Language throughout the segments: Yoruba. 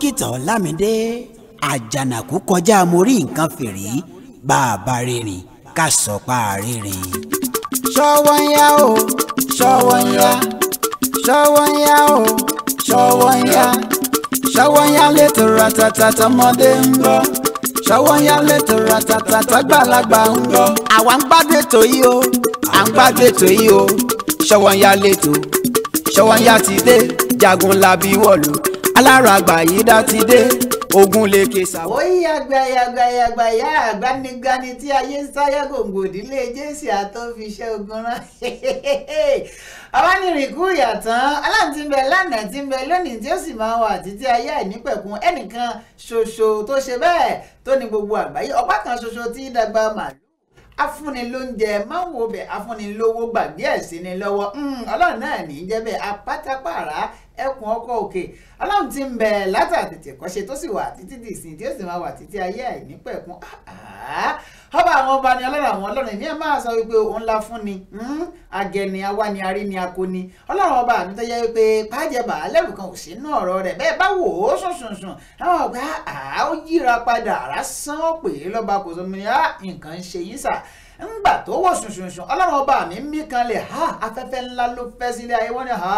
dókítà ọlámídé àjànàkú kọjá mo rí nǹkan fìrí bá a bá rìnrìn ká sọ pa rìnrìn. ṣọwọ́ ń yá o ṣọwọ́ ń yá ṣọwọ́ ń yá o ṣọwọ́ ń yá ṣọwọ́ ń yá létò ratata tọmọdé ń gbọ́ ṣọwọ́ ń yá létò ratata tọgbàlagbà ń gbọ́. àwa ń gbádùn ètò yìí o à ń gbádùn ètò yìí o ṣọwọ́ ń yá létò ṣọwọ́ ń yá ti dé jagun labi wọ̀lú alára àgbàyídá ti dé ogun lè ké sàwọ́. oyin àgbàyàgbàyàgbàyà àgbánigani tí ayé ń sáyà gbòǹgbò ìdílé jésì àtọ́fiṣẹ́ ogun rán abánirìnkú ìyàtàn aláǹtí ń bẹ lánàá tí ń bẹ lónìí tí ó sì máa wà títí ayé àìnípẹ̀kun ẹnìkan ṣoṣo tó ṣe bẹ́ẹ̀ tó ní gbogbo àgbáyé ọ̀pá kan ṣoṣo tí dàgbà màlúù afúnni lóúnjẹ máa ń wo bẹ̀ afúnni lówó gbàgbé ẹ̀ ni lọ́wọ́ hmm, ọlọ́run náà ní í jẹ́ bẹ́ẹ̀ apátápàrà ẹkùn ọkọ̀ òkè ọlọ́run ti ń bẹ látàtètè kọ́ṣe tó sì wà títí di ìsìn tí ó sì máa wà títí ayé àìnípẹ̀kun ọba àwọn ọba ni ọlọ́run àwọn ọlọ́run èmi ẹ̀ máa sọ wípé òun la fún ni hmm? agẹni awani aríni akoni ọlọ́run ọba mi tó yẹ wípé pàjẹbà lẹ́rù kan ò sí inú ọ̀rọ̀ rẹ̀ bẹ́ẹ̀ bá wò ó sùnsùnsùn àwọn ọ̀gá àá ó yíra padà àrá sán pè lọ́ba kò sọ mi nǹkan ń ṣe yín sà ńgbà tó wọ̀ ṣùnṣùnṣùn ọlọ́run ọba mi ń mí kan lè ha afẹ́fẹ́ ńlá ló fẹ́ sílé ayé wọ́n ní ha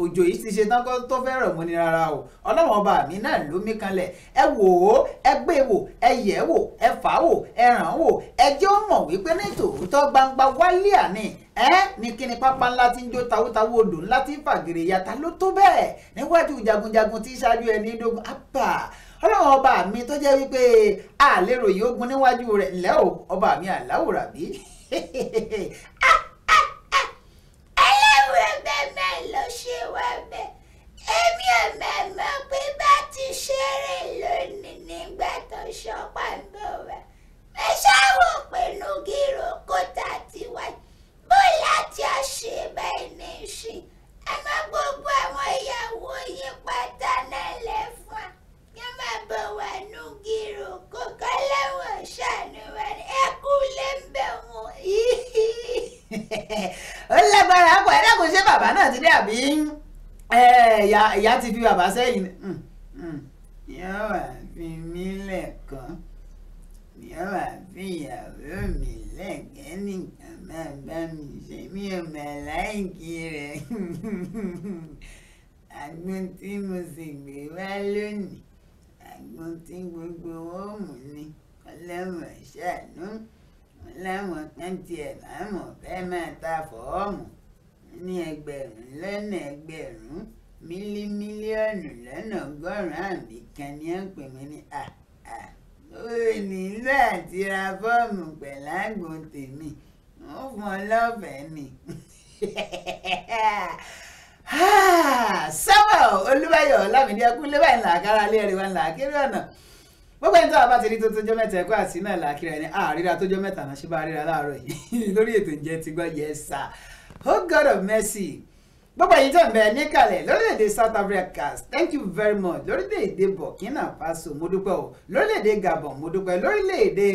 òjò yìí ti ṣe tán kó tó fẹ́ rọ̀ mú ni rárá o ọlọ́run ọba mi náà ló mí kan lẹ̀ ẹ wò ó ẹ gbé e wò ẹ yẹ̀ wò ẹ fà wò ẹ ràn wò ẹ jẹ́ ó mọ̀ wípé ní tòótọ́ gbangba wálé àní ẹ ní kíni pápá ńlá tí ń jó tawótawó odò ńlá tí ń fàgèrè yàtá ló tó bẹ́ẹ̀ níwájú jagunjagun tí ṣáájú ẹni dógún apá ọlọ́run ọba mi tó jẹ́ wípé àlérò yìí ó gun níwájú rẹ̀ ńlẹ́ o ọba mi àláwò bí ah ó lágbára pọ̀ ẹ dákun ṣé bàbá náà ti dé àbí ìyá ti fi bàbá sẹ́yìn mm, mm. yóò wá fi mí lẹ́kọ̀ọ́ yóò wá fi ìyàwó mi lẹ́kẹ́ nìkan máa bá mi ṣe mí ò mà láìkí rẹ̀ àgbọn tí mo sì gbé wá lónìí àgbọn tí gbogbo wọn mú ni ọlọ́run ṣàánú lẹ́wọ̀n twentieth àmọ́ fẹ́ẹ́ máa ta fọ́ọ̀mù ní ẹgbẹ̀rún lọ́nà ẹgbẹ̀rún mílí mílíọ̀nù lọ́nà ọgọ́rùn-ún àmì kan ní ọ̀pẹ̀ mi ní à à lórí nílò àti ra fọ́ọ̀mù pẹ̀lú àgbo tèmi ó fún ọ lọ́fẹ̀ẹ́ ni. sábà olúbáyọ̀ ọ̀làmídìí ẹkú lébàá ńlá àkàrà lé ẹ̀rí wa ńlá kéré ọ̀nà gbogbo ẹni tó àbá ti rí tó tójọ́ mẹ́ta ẹ̀kọ́ àti náà làákìrà ẹni àríra tójọ́ mẹ́ta náà ṣe bá ríra láàárọ̀ yìí lórí ètò ìjẹ́ ti gbọ́ yẹ sà oh God of mercy gbogbo ẹ̀yin tó ń bẹ níkàlẹ̀ lórílẹ̀‐èdè South Africa thank you very much lórílẹ̀‐èdè Burkina Faso mo dúpẹ́ o lórílẹ̀‐èdè Gabon mo dúpẹ́ lórílẹ̀‐èdè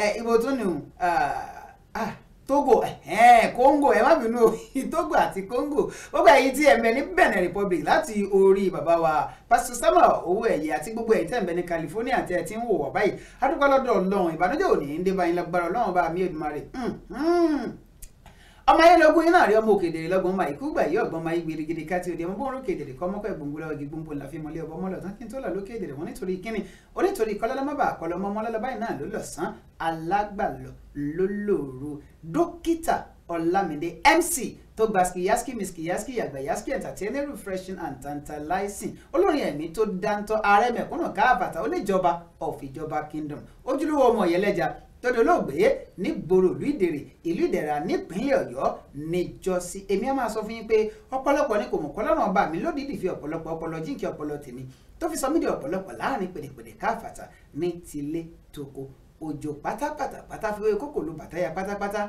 eh, ibo tún ah, ah. Togo ẹ̀ẹ́n Congo ẹ má bínú Togo àti Congo gbogbo ẹ̀yin tí ẹ̀mẹ́ ní Benin Republic láti orí bàbá wa Pastor Samuel owó ẹ̀yẹ àti gbogbo ẹ̀yin tẹ̀mẹ́ ní California àti ẹ̀ tí ń wò wá báyìí adúpẹ́ lọ́dọ̀ Ọlọ́run ìbànújẹ́ òní ń dé báyìí lágbára Ọlọ́run bá mi Èdùmàrè hmm, hmm ọmọ ayé lọ́gùn iná rí ọmọ òkèdèrè lọ́gùn máa ikú gbà yí ọ̀gbọ́n máa yí gidigidi ká ti òde ọmọ bóun rókèdèrè kọ́ mọ́kọ́ ẹ̀gbọ́n gbúra ọ̀gì gbòǹgbò làfi mọ́lẹ́ ọ̀bọ mọ́lọ̀ tán kí n tó lọ lókèdèrè wọn nítorí kíni onítorí kọ́lọ́lọ́mọ́bà àkọlọ́mọ́ mọ́lọ́lọ́ báyìí náà ló lọ sán alágbàlọ́ lólóòrò dókítà ọ̀làmídé mc tó gba skiyaski miskiyaski yàgbàyaski entertainer refreshing and tantalizing olórin ẹ̀mí tó dáńtọ́ ààrẹ mẹ̀kúnnà káàbàtà oníjọba of ìjọba kingdom ojúlówó ọmọ ìyẹlẹ́jà tó dolóògbé nígboro ìlú ìdèrè ìlú ìdẹ̀ra nípínlẹ̀ ọ̀yọ́ níjọ́sí èmi á máa sọ fún yín pé ọ̀pọ̀lọpọ̀ ni kò mọ̀ kọ́ lọ́rùn ọba mi lódìdí fi ọ̀pọ̀lọpọ̀ ọpọlọ jíǹkì ọpọlọ tèmi tó fi sọ mí di ọ̀pọ̀lọpọ̀ láàrin pèdèpèdè káfàtà ní tilé toko òjò pátápátá pátá fi wé kókò lu bàtáyà pátápátá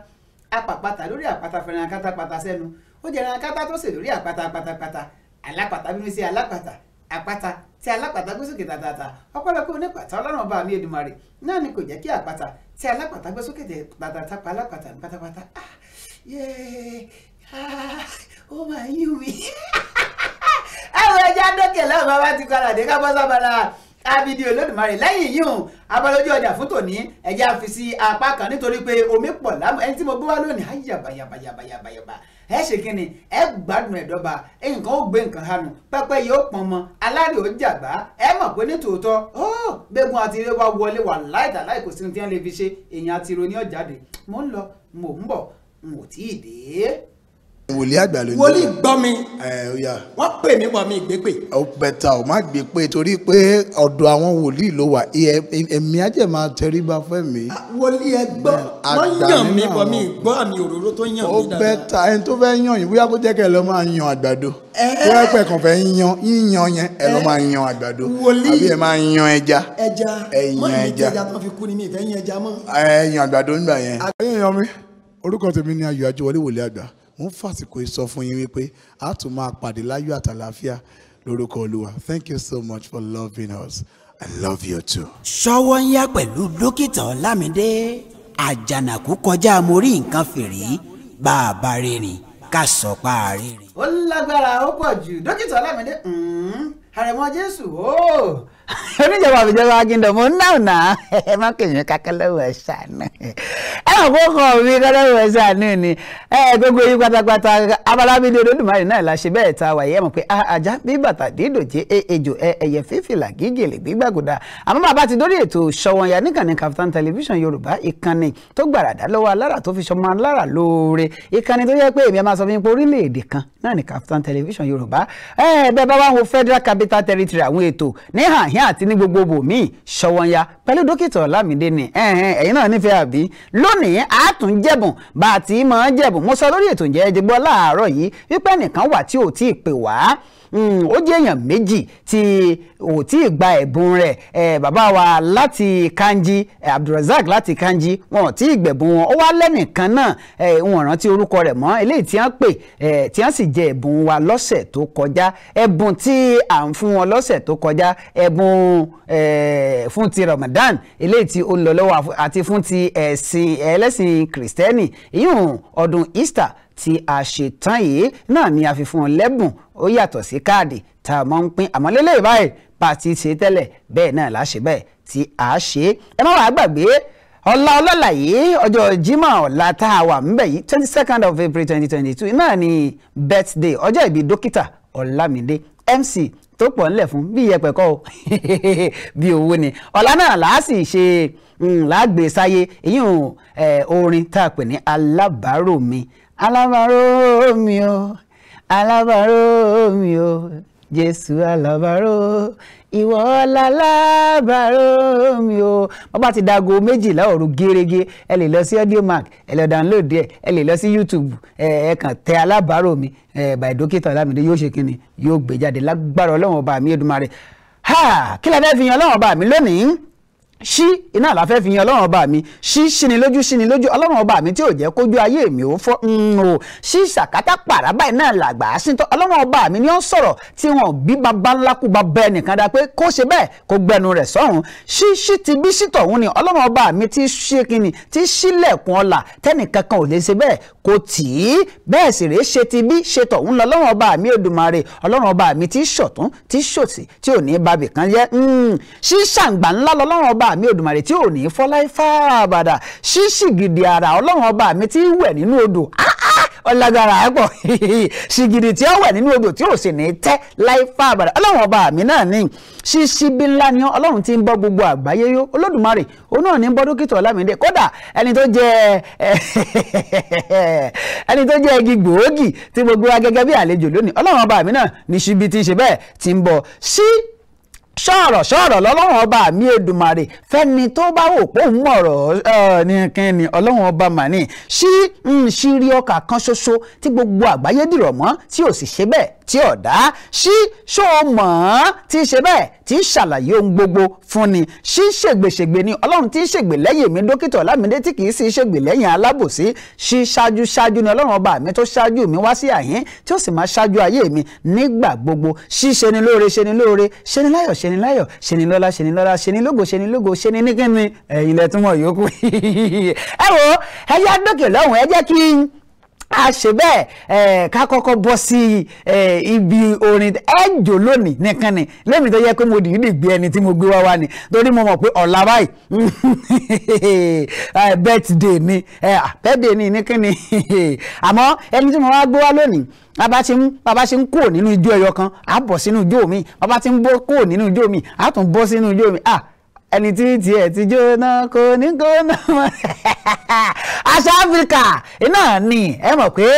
apàpàtà lórí àpáta fẹ́ràn akátapàtà sẹ́nu ó jẹ́ ẹran akátá tó sè lórí àpáta pátápátá alápàtà bínú sí alápàtà àpáta tí alápàtà gbé sókè tàtàtà ọ̀pọ̀lọpọ̀ onípàtà ọlọ́run ọba mi Èdùmàrè náà ni kò jẹ́ kí àpáta tí alápàtà gbé sókè jẹ bàtà pa alápàtà ní pátápátá ah yéé ah you me. yí mi. àwọn ẹja dókè lọ́wọ́ bá ti kọ́ àdé ká bọ́ sábàlá abidi olódùmarè lẹ́yìn yìí hùn abalójú ọjà fún tòní ẹ̀jẹ̀ àfi sí apá kan nítorí pé omi pọ̀ lámù ẹni tí mo gbé wá lónìí ayàbàyàbàyàbàyàbà ẹ ṣe kínni ẹ gbádùn ẹ̀dọ́ba nǹkan ó gbé nǹkan hanu pẹ́pẹ́ yìí ó pọn mọ alárè ó jàgbá ẹ mọ̀ pé ní tòótọ́ ó gbégun àti ilé wa wọlé wà láìta láì kò sí ní tí wọ́n lè fi ṣe èèyàn àti ìròyìn ọ̀jáde mo ń lọ mo ń bọ̀ n tí ì dé wòlíì àgbà ló ní. wòlíì gbọ́ mi. wọ́n pè mí wọ́n mi gbé pè. ó bẹ̀tà ó má gbé pè torí pé ọ̀dọ̀ àwọn wòlíì ló wà èmi á jẹ̀ máa tẹríba fẹ́ mi. Ah, wòlíì ẹ gbọ́ wọ́n yàn mí wọ́n mi gbọ́ àmì òróró tó yàn mí dáadáa. ó bẹ̀tà ẹni tó fẹ́ yàn yín bóyá kó jẹ́ kẹ́ ẹ lọ máa yan àgbàdo. tó pẹ̀ kàn fẹ́ yan yíyan yẹn ẹ lọ máa yan àgbàdo àbí ẹ máa yan ẹja. ni mi ìfẹ́ yan ẹja mọ́. ẹ ni Ayọ̀ Ajíwọlé wòlíì ń fàsìkò ìsọfún yín wípé a tún máa pàdé láyọ̀ àtàlàáfíà lórúkọ olúwa thank you so much for loving us i love you too. ṣọwọ́ ń yá pẹ̀lú dókítà ọlámídé àjànàkú kọjá mo nǹkan fèrè bá rìnrìn ká sọ pa àárín. ó lágbára ó pọ̀ jù dókítà ọlámídé mm-hmm. àrẹ̀mọ jésù oh oníjọba ìjọba agídọ̀mọ́ náà náà ẹ má kèèyàn kankan lọ́wọ́ ẹ̀ sànù ẹ ò kó kàn mí kankan lọ́wọ́ ẹ̀ sànù ni ẹ gbogbo yín pátápátá abalábídé olódùmarè náà la ṣe bẹ́ẹ̀ ta wàyí ẹ̀ mọ̀ pé ajá bí bàtà dídòjé ejò ẹyẹ fífìlà gígèlè gbígbàgòdà àmọ́ bàbá ti dórí ètò Sówónyá níkànnì Kaftan television Yorùbá ìkànnì tó gbàràdá lọ́wọ́ alára tó fi ṣọmọ alára lóore ìkànnì tó yẹ pé èmi máa sọ fún yín pé television Yorùbá ẹ eh, bẹ́ẹ̀ Federal Capital Territory àwọn ètò ní hàn àti ní gbogbo bòmíì ṣọwọ́nyá pẹ̀lú dókítà ọ̀làmídé ni ẹ̀yin náà nífẹ̀ẹ́ àbí lónìí àátún jẹ̀bùn bá a ti máa jẹ̀bùn mo sọ lórí ètò ìjẹ́ ẹ̀jẹ̀ gbọ́ láàárọ̀ yìí wípé ẹnìkan wà tí ò tí ì pè wá Hmm, ó jẹ́ èèyàn méjì tí ò tí ì gba ẹ̀bùn rẹ̀ bàbá wa láti kanji abdulrasaq láti kanji wọn ò tí ì gbẹ̀bùn wọn ó wá lẹ́nìkan náà ẹ̀ wọn rántí orúkọ rẹ̀ mọ́ eléyìí tí wọ́n pè ẹ̀ tí wọ́n sì jẹ ẹ̀bùn wa lọ́sẹ̀ tó kọjá ẹ̀bùn tí à ń fún wọn lọ́sẹ̀ tó kọjá ẹ̀bùn fún ti Ramadan eléyìí tí ó ń lọ lọ́wọ́ àti fún ti ẹ̀sìn ẹlẹ́sìn kìrìsìtẹ́nì ìyún ọdún Easter tí a ṣe tán yìí náà ni a fi fún wọn lẹ́bùn ó yàtọ̀ sí káàdì tá a máa ń pín àmọ́ lélẹ́yìí báyìí bá a ti ṣe tẹ́lẹ̀ bẹ́ẹ̀ náà la ṣe bẹ́ẹ̀ tí a ṣe ẹ má wàá gbàgbé ọ̀la ọlọ́la yìí ọjọ́ Jímọ̀ ọ̀la tá a wà ńbẹ̀ yìí twenty second of April twenty twenty two náà ni birthday ọjọ́ ìbí dókítà Ọlámídé MC tó pọ̀ ńlẹ̀ fún bí iyẹ̀pẹ̀ kọ́ o bí owó ni ọ̀la náà làá sì ṣe mm, láàgbé e sáyé èyí orin tá a pè ní alábàárò mi alábàárò mi o alabaro, mi o jésù alábàárò ìwọ lálábàárò mi o wọ́n bá ti dago méjìlá òru gẹ́rẹ́gẹ́ ẹ lè lọ sí audiomack ẹ lè download ẹ ẹ lè lọ sí youtube ẹ ẹ kàn tẹ alábàárò mi ẹ by dókítà ọlámídé yóò ṣe kíni yóò gbé jáde lágbára ọlọ́run ọba mi Èdùmàrè ha kí lè fẹ́ fi yan ọlọ́run ọba mi lónìí ṣí iná àlàfẹ́ fi yan ọlọ́run ọba mi ṣí ṣíni lójú ṣíni lójú ọlọ́run ọba mi tí ò jẹ́ kójú ayé mi ò fọ́ mm, o ṣí ṣàkátà pàrà báyìí náà làgbà á sí tán ọlọ́run ọba mi ni ó ń sọ̀rọ̀ tí wọn bí baba ńlá kú bá bẹ́ẹ̀ nìkan dá pé kó ṣe bẹ́ẹ̀ kó gbẹnu rẹ̀ sọ́run ṣí ṣí ti bí ṣí tọ̀hún ni ọlọ́run ọba mi ti ṣe kíni ti ṣílẹ̀kùn ọlà tẹ́nìkankan ò lè ṣe bẹ́ẹ̀ kò tì í bẹ́ẹ̀ ti bí ti ṣọ̀tún ti ṣòsì tí ò ní babì kan jẹ́ mm. ṣí ṣàǹgbà ọba mi Òdùmarè tí ò ní fọláì fàràbàdà ṣíṣì gidi ara ọlọ́run ọba mi tí wẹ̀ nínú odò ah, ah, ọlágbára àpọ̀ ṣìgìdì tí ó wà nínú odò tí ò sì ní tẹ́ láì fàbàrà ọlọ́run ọba mi náà ní ṣíṣí bí ńlá ni ọlọ́run ti ń bọ́ gbogbo àgbáyé yó olódùmarè òun náà ní bọ́ dókítà ọlámídé kódà ẹni tó jẹ ẹni tó jẹ igi gbòógì tí gbogbo wa bí àlejò lónìí ọlọ́run ọba mi náà ní ṣíbi tí ń ṣe bẹ́ẹ̀ ti ń bọ̀ sí sọ̀rọ̀ sọ̀rọ̀ lọ́lọ́run ọba mi Èdùmàrè fẹ́ni tó bá wò pé òun mọ̀rọ̀ nìkan ni ọlọ́run ọba mà ní ṣí ń ṣí rí ọkà kan ṣoṣo tí gbogbo àgbáyé dìrọ̀ mọ́ tí ò sì ṣe bẹ́ẹ̀ tí ọ̀dá ṣí ṣó o mọ̀ ọ́n tí í ṣe bẹ́ẹ̀ tí í ṣàlàyé ohun gbogbo fún ni ṣí ṣègbèṣègbè ni ọlọ́run tí í ṣègbè lẹ́yìn mi dókítà ọ̀làmídé tí kì í sì ṣègbè lẹ́yìn alábòsí ṣí ṣáájú ṣáájú ni ọlọ́run ọba mi tó ṣáájú mi wá sí àyín tí ó sì máa ṣáájú ayé mi nígbà gbogbo ṣí ṣeni lóore ṣeni lóore ṣeni láyọ̀ ṣeni láyọ̀ ṣeni lọ́lá ṣeni lọ́lá ṣeni lógo ṣeni lógo ṣeni ní ẹ̀yin lẹ́túnmọ̀ yòókù ẹ wo dókè lọ́hùn ẹ kí n a ṣe bẹ́ẹ̀ ká kọ́kọ́ bọ́ sí ibi orin ẹ̀jọ̀ lónìí nìkan ni lẹ́mi tó yẹ pé mo dìídì gbé ẹni tí mo gbé wá wá ni torí mo mọ̀ pé ọ̀la báyìí birthday ni birthday ni nìkan ni àmọ́ ẹni tí mo wá gbé wá lónìí bàbá ti ń bàbá ti ń kúrò nínú ijó ẹyọ kan àá sínú ijó mi bàbá ti ń bọ́ kúrò nínú ijó mi àá tún bọ́ sínú ijó mi ah ẹni tí tiẹ̀ ti jóná kò ní kó ná mọ́ àṣà áfíríkà iná ni ẹ mọ̀ pé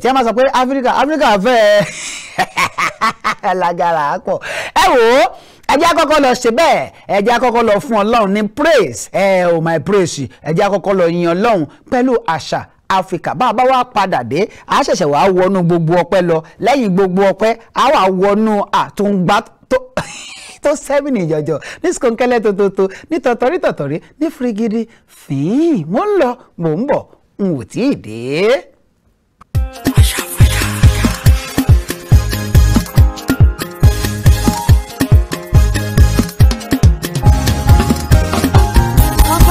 tí a máa sọ pé áfíríkà áfíríkà fẹ́ lágara pọ̀ ẹ wò ó ẹjẹ́ àkọ́kọ́ lọ ṣe bẹ́ẹ̀ ẹjẹ́ àkọ́kọ́ lọ fún ọlọ́run ní praise ẹ ò oh my praise ẹjẹ́ àkọ́kọ́ lọ yin ọlọ́run pẹ̀lú àṣà áfíríkà bá a bá wá padà dé a ṣẹ̀ṣẹ̀ wá wọnú gbogbo ọpẹ́ lọ lẹ́yìn gbogbo ọpẹ́ a wá wọnú àtúngbà tó sẹ́mìnì jọ̀jọ̀ ní skòńkẹ́lẹ́ tòtòtò ní tọ̀tọ̀rí tọ̀tọ̀rí ní firigidi fìín mo ń lọ mò ń bọ̀ n ò tí ì dé.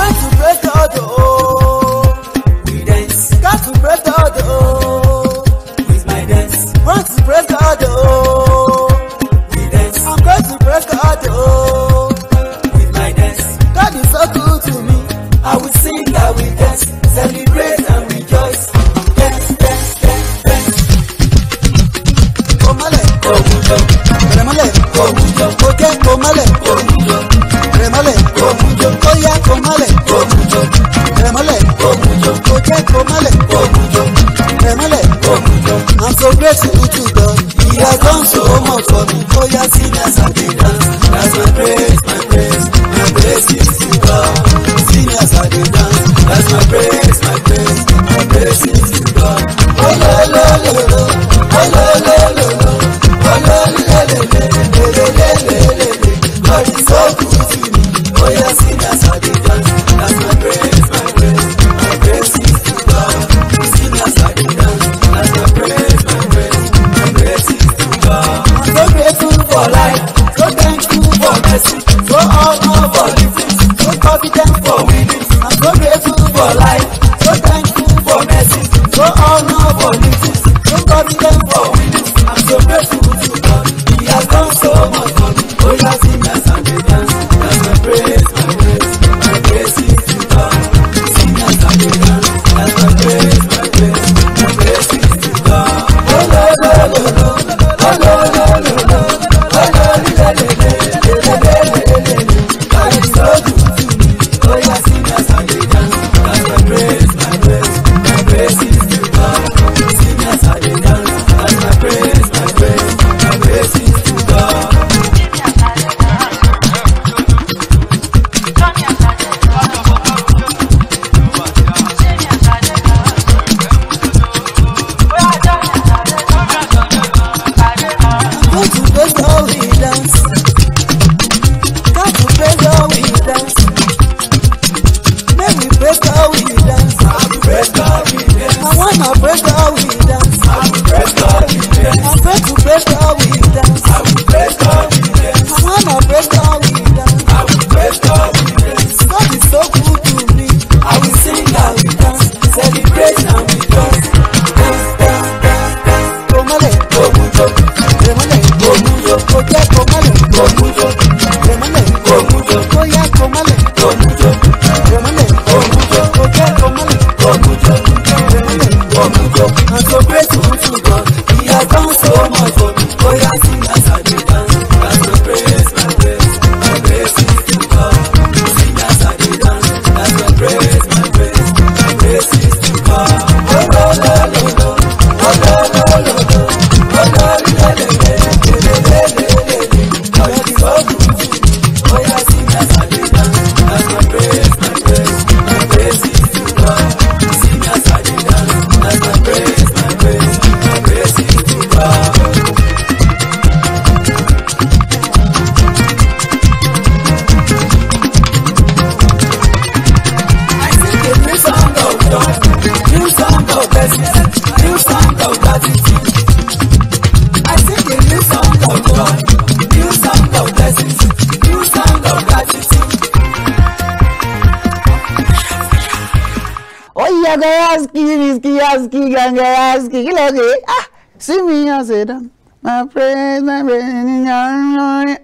Got to praise God, oh. With my dance. Want to praise the oh. aski gange aski kí lè ṣe ah sí mi yan ṣe dán my praise my praise ni yan yan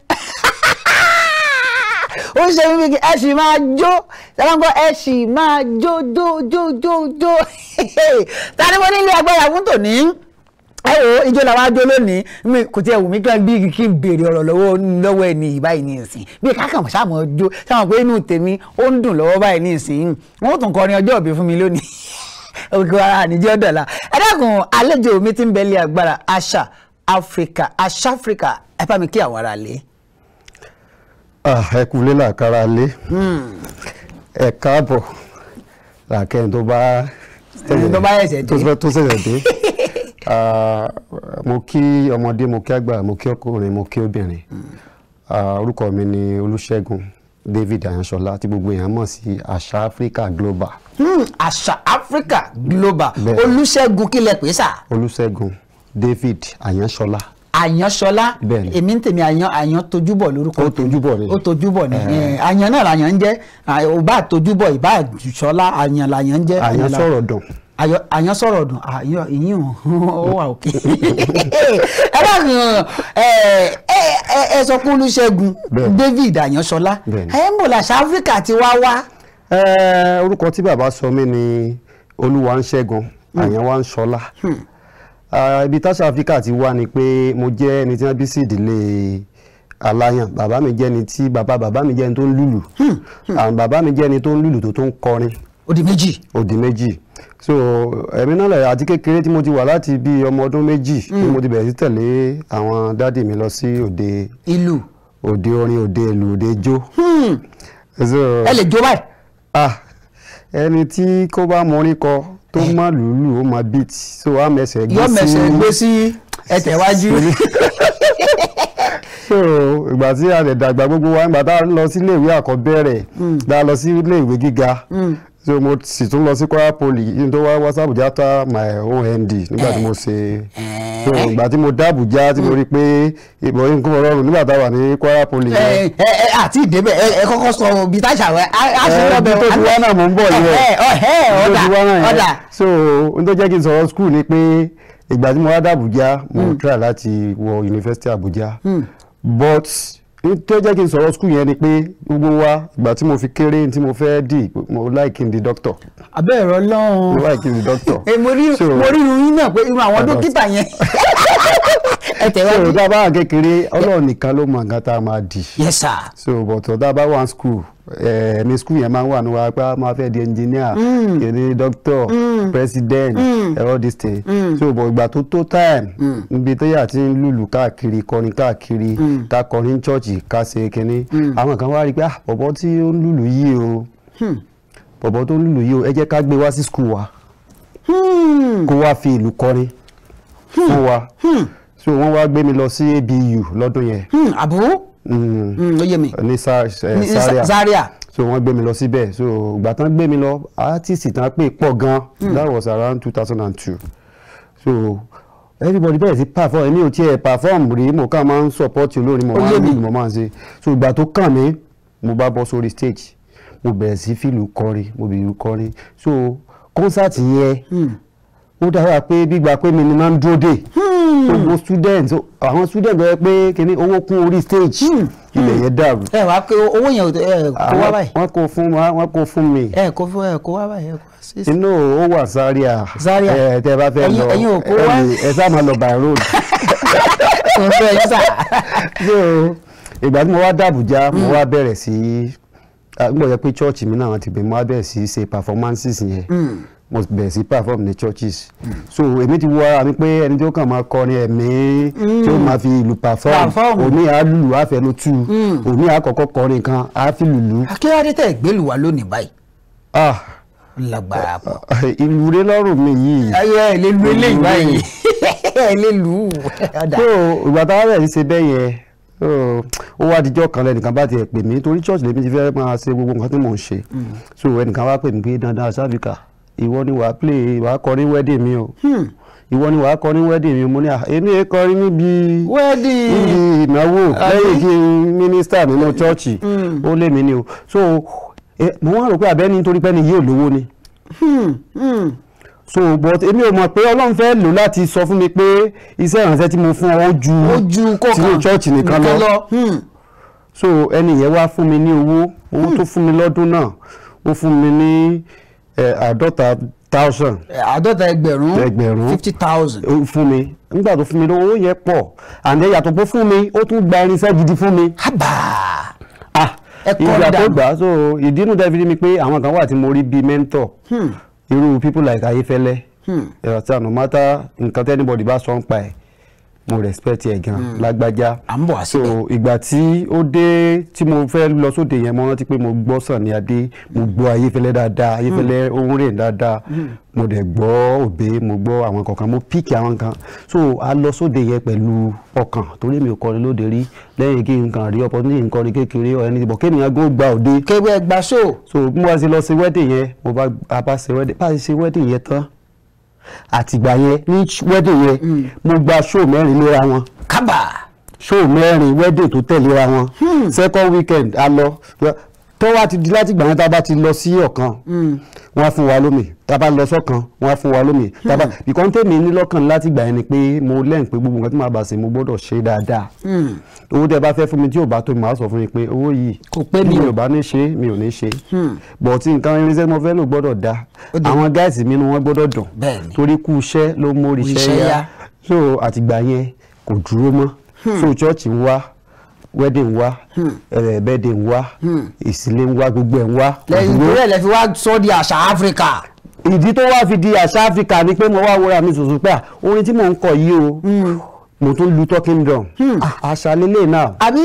ó ṣe mí bí ẹ sì máa jó sábàgbọ́ ẹ sì máa jó jó jó jó jó ta ni mo nílé agbára fún tòní ẹ wo ijó làwọn adó lónìí mi kò tiẹ̀ wù mí kí bí kí n béèrè ọ̀rọ̀ lọ́wọ́ lọ́wọ́ ẹ̀ ní ìbáyìí ní ìsìn bí kákan sáàmù ọjọ́ sáàmù pé inú tèmi ó ń dùn lọ́wọ́ báyìí ní ìsìn wọ́n tún kọrin ọjọ́ ìbí fún mi lónìí. òkè ara àníjẹ́ ọ̀dọ̀la ẹ dákun àlejò mi ti ń bẹ̀lẹ̀ agbára àṣà áfíríkà àṣà áfíríkà ẹ bá mi kí àwọn ará lé. ẹ kúlé làkàrà lé hmm. ẹ káàbọ̀ làkẹ́ni tó bá tó bá ẹsẹ̀ dé tó ṣẹ̀ṣẹ̀ dé mo kí ọmọdé mo kí àgbà mo kí ọkùnrin mo kí obìnrin hmm. orúkọ mi ni Olúṣẹ́gun David Ayansola tí gbogbo èèyàn mọ̀ sí àṣà Africa Global. Hmm, àṣà Africa Global Olúṣẹ́gun kílẹ̀ pé sà. Olúṣẹ́gun David Ayansola. Àyànṣọlá èmi ń tèmi àyàn àyàn tojúbọ lórúkọ ó tojúbọ ni ó tojúbọ ni àyàn náà làyàn ń jẹ ò bá tojúbọ ìbá ṣọlá àyàn làyàn ń jẹ. àyàn sọ̀rọ̀ dùn àyàn sọ̀rọ̀ dùn àyàn ìyìn ó wà òkè ẹ bá mi hàn ẹ sọ pé Olúṣẹ́gun David Àyànṣọlá ẹ ń bò láṣà Áfíríkà ti wá wá. orúkọ tí bàbá sọ mí ni Olúwańṣẹ́gun hmm. Àyànwáńṣọlá hmm. ibi táṣà Áfíríkà ti wá ni pé mo jẹ́ ẹni tí wọ́n bí sí ìdílé aláyàn bàbá mi jẹ́ ẹni tí bàbá bàbá mi jẹ́ ẹni tó ń lùlù hmm. àwọn bàbá mi jẹ́ ẹni tó ń lùlù tó tó ń kọrin Odi meji, odi meji. so ẹ̀mí náà lẹ̀ àti kékeré tí mo ti wà láti bí ọmọ ọdún méjì ni mm. mo ti bẹ̀rẹ̀ sí tẹ̀lé àwọn dáàdì mi lọ sí òde. ìlú. òde orin òde ìlú òde jó. Hmm. ẹ lè jó báyìí. ah ẹni tí kò bá mọ orin kọ tó eh. mọ lùlù ó mọ beat so á mẹsẹ̀ gbé sí. yọ mẹsẹ̀ gbé sí ẹtẹ̀ wájú so ìgbà tí a lè dàgbà gbogbo wa ìgbà tá a lọ sí iléèwé àkọ́bẹ̀rẹ̀ hmm. tá a lọ sí iléèwé gíga hmm so mo sì tún lọ sí Kwara Poly yìí tó wá wá sí Àbújá ta my own nd nígbà tí mo ṣe so eh, eh. ìgbà tí mo dá Àbújá tí mo rí pé ìbọn nǹkan ọlọ́run nígbà tá a wà ní Kwara Poly. ẹ ẹ àti ìdébẹ ẹ kọ́kọ́ sọ bí tá a ṣàwẹ a ṣe eh, lọ bẹ wọn. tó ti wá náà mò ń bọ̀ yẹn oh, tó ti wá náà yẹn so n tó jẹ́ kí n sọ̀rọ̀ school ni pé ìgbà tí mo wá dá Àbújá mo hmm. try láti wọ University Àbújá hmm. but tó jẹ́ kí n sọ̀rọ̀ skul yẹn ni pé gbogbo wa ìgbà tí mo fi kéré tí mo fẹ́ dì mo like n di doctor. abẹ́rẹ́ ọlọ́run mo like n di doctor. mo rí irun yín náà pé irun àwọn dókítà yẹn. ẹ tẹ̀wájú. so dábàá wà kékeré nìkan ló mọ nǹkan tá a yes sir. so bọ̀tọ̀ dábàá school ẹ̀ẹ̀mí eh, school yẹn máa ń wà pé a máa fẹ́ di engineer mm. kìíní doctor mm. president mm. all this so bọ̀ ìgbà tó tó time níbi tó yà ti lùlù káàkiri kọrin káàkiri ká ká kọrin fún wa. Hmm. so wọ́n wá gbé mi lọ sí abu lọ́dún yẹn. Hmm, àbúrò hmm. hmm, ó yé mi ní eh, Zaria so wọ́n gbé mi lọ síbẹ̀ so ìgbà tán gbé mi lọ artiste tán pè pọ̀ gan that was around two thousand and two so everybody bẹ̀rẹ̀ sí perform èmi ò tiẹ̀ perform rí mo kàn máa ń support olórin mo máa ń rí mo máa ń ṣe so ìgbà tó kàn mí mo bá bọ́ sórí stage mo bẹ̀rẹ̀ sí fílù kọrin mo bẹ̀rẹ̀ kọrin so kọ́nsáàtì yẹn ó dára pé gbígba pé mi ni máa ń dúró dè Hmm. gbogbo student àwọn student yẹ pé kíní owó kún orí stage hmm. ilẹ̀ yẹn dàrú. ẹ wàá pé owó yẹn ẹ kó ah, wá báyìí. wọ́n kó fún wa wọ́n kó fún mi. ẹ kó fún ẹ kó wá báyìí ẹ kó wá sí. inú ó wà Zaria ẹ tẹ bá fẹ́ lọ ẹyin ò kó wá ẹ sá máa lọ by road. mo fẹ́ yín sà. ìgbà tí mo wá dàbújá mo hmm. wá bẹ̀rẹ̀ sí gbọ́dọ̀ pé chọ́ọ̀chì mi náà ti bẹ̀rẹ̀ sí ṣe performances yẹn mo bẹ̀rẹ̀ sí perform ní churches so èmi ti wo ara mi pé ẹni tí ó kàn máa kọrin ẹ̀mí tí ó mm. máa fi ìlú perform omi à lùlù àfẹnu tù omi mm. à kọ́kọ́ kọrin kan à fi lùlù. akínyàdé tẹ̀ gbèlú wa lónìí báyìí. ah lágbára pọ̀. ìwúre lọ́rùn mi yìí. ayé ẹ lè lu eléyìí báyìí ẹ lè lu. tó ìgbà táwa bẹ̀rẹ̀ ṣe bẹ́ẹ̀ yẹn ó wá dijọ́ kan lẹ́nìkan bá tiẹ̀ pè mí torí church lèmi ti fẹ́ máa ṣe gbogbo nǹkan tí mò ń ṣe mm. so ẹnìkan wá pè mí pé dandan South Africa ìwọ ni wàá play wàá kọrin wedding mi o hmm. ìwọ ni wàá kọrin wedding mi mo ní ah, èmi ẹ e kọrin níbi níbi ìnáwó lẹ́yìn kí n mínísítà nínú hmm. chọ́ọ̀chì hmm. ó lé mi ni o so e, mo wá rò pé àbẹ́ nítorí pé ni yóò lówó ni so but èmi ò mọ̀ pé ọlọ́run fẹ́ lò láti sọ fún mi pé iṣẹ́ ìrànṣẹ́ tí mo fún ọ ju sínú chọ́ọ̀chì nìkan lọ so ẹni yẹn wá fún mi ní owó owó tó fún mi lọ́dún náà ó fún mi ní àádọ́ta thousand. àádọ́ta ẹgbẹ̀rún ẹgbẹ̀rún fifty thousand. fún mi nígbà tó fún mi lówó yẹ pọ̀ and then yàtọ̀ pé fún mi ó tún gba irinṣẹ́ gidi fún mi. haba ah ìgbà tó gbà so ìdínú dẹ́bi mi pé àwọn kan wà tí mo rí bíi mentor hmm. irú people like Ayéfẹ́lẹ́ ẹ̀rọ tí a no matter nǹkan tẹ́nibọ̀dì bá sọ ń pa ẹ̀ mo respect ẹ gan hmm. lágbájá so ìgbà tí ó dé tí mo fẹ́ lọ sóde yẹn mo rántí pé mo gbọ́ Sunny Adé mo hmm. gbọ́ Ayéfẹ́lẹ́ dáadáa Ayéfẹ́lẹ́ ohun hmm. rẹ̀ dáadáa mo dẹ̀ gbọ́ òbí mo gbọ́ àwọn kọ̀ọ̀kan mo píkì àwọn kan so a lọ sóde yẹn pẹ̀lú ọkàn torí mi ò kọrin lóde rí lẹ́yìn kí n kàn rí opportunity n kọrin kékeré ọ̀rẹ́ ní ìbọ̀ kéèyàn gbọ́ gba òde. kéwẹ́ gba so. so bí wọ́n ti lọ ṣe wedding yẹn mo bá a bá ṣe wedding yẹn tán àtìgbà yẹn ní wedding yẹn hmm. mo gba show mẹ́rin léra wọn. kábà. show mẹ́rin wedding tó tẹ̀léra wọn. Hmm. second weekend a lọ tó wá ti di látìgbà yẹn tá a bá ti lọ sí ọ̀kan hmm wọ́n á fún wa lómi tábà lọ sọ́kan wọ́n á fún wa lómi tábà bìkan hmm. tèmi ní lọ́kàn láti gbà ẹni pé mo lẹ́yìn pé gbogbo nǹkan tí màá bá ṣe mo gbọ́dọ̀ ṣe dáadáa hmm. owó tẹ bá fẹ́ fún mi tí ò bá tó mi màá sọ fún yín pé owó yìí kò pé mi ò bá ní ṣe mi ò ní ṣe hmm. bọ̀ tí nǹkan irinṣẹ́ mo fẹ́ lò gbọ́dọ̀ da àwọn gáàsì mi ni wọ́n gbọ́dọ̀ dùn torí kú iṣẹ́ ló mórí iṣẹ́ yá so àtìgbà yẹn kò dúró mọ́ so church ń wá wedding wa birthday wa ìsílé wa gbogbo ẹ̀ wa. lẹ́yìn ìgbéró lẹ fi wá sọ di àṣà áfíríkà. ìdí tó wá fi di àṣà áfíríkà ni pé mo wá wọra mi sòsò pé ah, orin tí mò ń kọ yìí o hmm. mo tún lu talking drum hmm. ah, àṣà lélẹ̀ náà. àbí.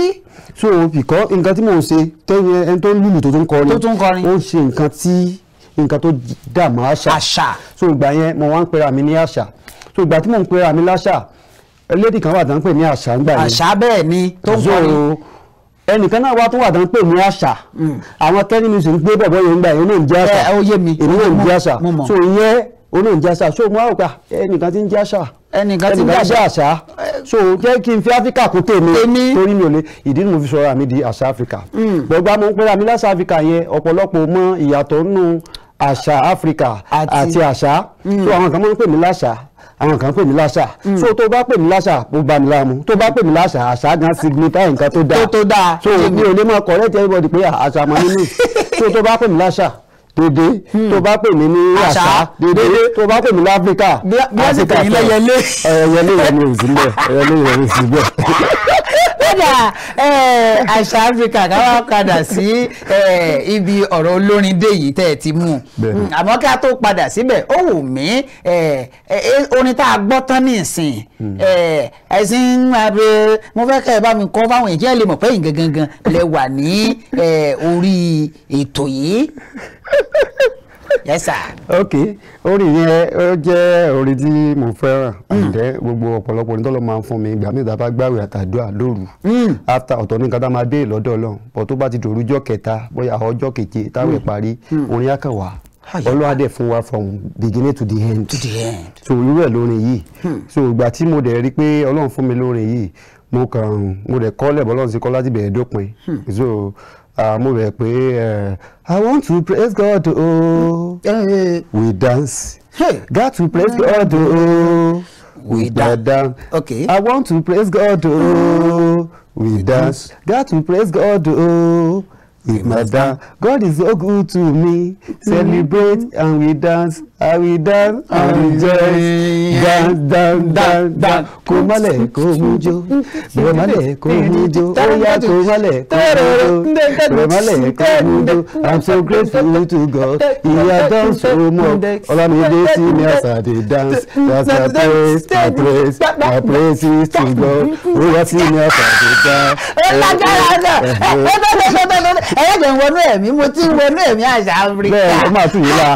so ìkọ́ nǹkan tí mò ń ṣe tẹ́yìn ẹni tó ń lùlù tó tún kọrin tó tún kọrin ó ń ṣe nǹkan tí nǹkan tó dà mọ́ àṣà. àṣà. so ìgbà yẹn mo wá ń pera mi ní àṣà so ìgbà tí mò ń pera mi láṣà lady kan wà tán pè ní àṣà ńgbà yẹn àṣà bẹ́ẹ̀ ni tó ń kọrin ẹnìkan náà wá tó wà tán pè ní àṣà hmm. àwọn tẹ́ni mi sì ń gbé bọ̀bọ̀ yẹn ńgbà yẹn ní ìjẹ́ àṣà èmi náà ń àṣà so ìyẹn onáà ń jẹ́ àṣà so mo á rò ah, ẹnìkan ti ń jẹ́ àṣà ẹnìkan ti jẹ́ àṣà so jẹ́ kí n fi áfíríkà kún tèmi torí mi ò lè ìdí mo fi sọra mi di àṣà áfíríkà gbọ̀ngbà hmm. mo ń pẹ́ra mi láṣà áfíríkà yẹn ọ̀pọ̀lọpọ̀ mọ ìyàtọ̀ nínú àṣà áfíríkà àti àṣà hmm. so àwọn kan máa ń pè mí láṣà àwọn kan pè ní láṣà mm. so tó bá pè ní láṣà mo, bá mi láàmú tó bá pè ní láṣà àṣà gan signify nǹkan tó dáa tó dáa so mi ò lè mọ correct everybody pé àṣà mọ nínú so tó bá pè ní láṣà hmm. dédé tó bá pè mí ní àṣà dédé tó bá pè mí ní áfíríkà áfíríkà tó ẹyẹlé yẹn ní òsínbẹ ẹyẹlé yẹn ní òsínbẹ. kódà àṣà áfíríkà káwá padà sí ibi ọ̀rọ̀ olórin dé yìí tẹ́ ẹ ti mú mm, àmọ́ kí tó padà síbẹ̀ ó wù mí orin tá a gbọ́ tán ní mm. ẹ̀sìn abẹ mo fẹ́ kẹ́ ẹ bá mi kọ́ fáwọn èèyàn lè mọ̀ pé yín gangan lẹ wà ní orí ètò yìí yes sir. ok orin yẹn ó jẹ́ orin tí mo fẹ́ràn àǹdẹ́ hmm. gbogbo ọ̀pọ̀lọpọ̀ ní tọ́lọ́ máa ń fún mi ìgbà míì tàbá gbàwẹ̀ àtàdúrà lóru hmm. after ọ̀tọ̀ ní kátà máa béè lọ́dọ̀ Ọlọ́run bọ̀ tó bá ti dòrújọ́ kẹta bóyá ọjọ́ keje táwọn ìparí hmm. orin á kàn wá olúwadẹ fún wa from beginning to the end to the end so irú ẹ̀ lórin yìí so ìgbà tí mo dẹ̀ rí pé Ọlọ́run fún mi lórin yìí mo kàn mo dẹ̀ kọ́ lẹ̀ bọ́lọ́run sí kọ́ láti bẹ̀rẹ̀ dópin so Ah, mo rẹ̀ pé eh, i want to praise god o oh. Eh, eh, we dance hey. got to praise god o oh. we dance okay. i want to praise god o oh. we dance got to praise god o. Oh. We must dance. God is so good to me. Mm-hmm. Celebrate and we dance àrídán àríjẹ dandandandan kò mọ́lẹ̀ kò mújó bẹ̀rẹ̀ mọ́lẹ̀ kò mújó ó yá kò mọ́lẹ̀ kò mújó bẹ̀rẹ̀ mọ́lẹ̀ kò mújó i'm so grateful to God ìyá dán so mọ́ ọlámídé sí ni as i dey dance that's my praise my praise my praise is to God ó yá sí ni as i dey dance. ó lágbára náà ẹ ẹ bẹ́ẹ̀ bẹ́ẹ̀ bẹ́ẹ̀ ẹ̀yẹ́dẹ̀ wọnú ẹ̀mí mo ti wọnú ẹ̀mí àṣà Áfíríkà. bẹ́ẹ̀ ó máa tù yín la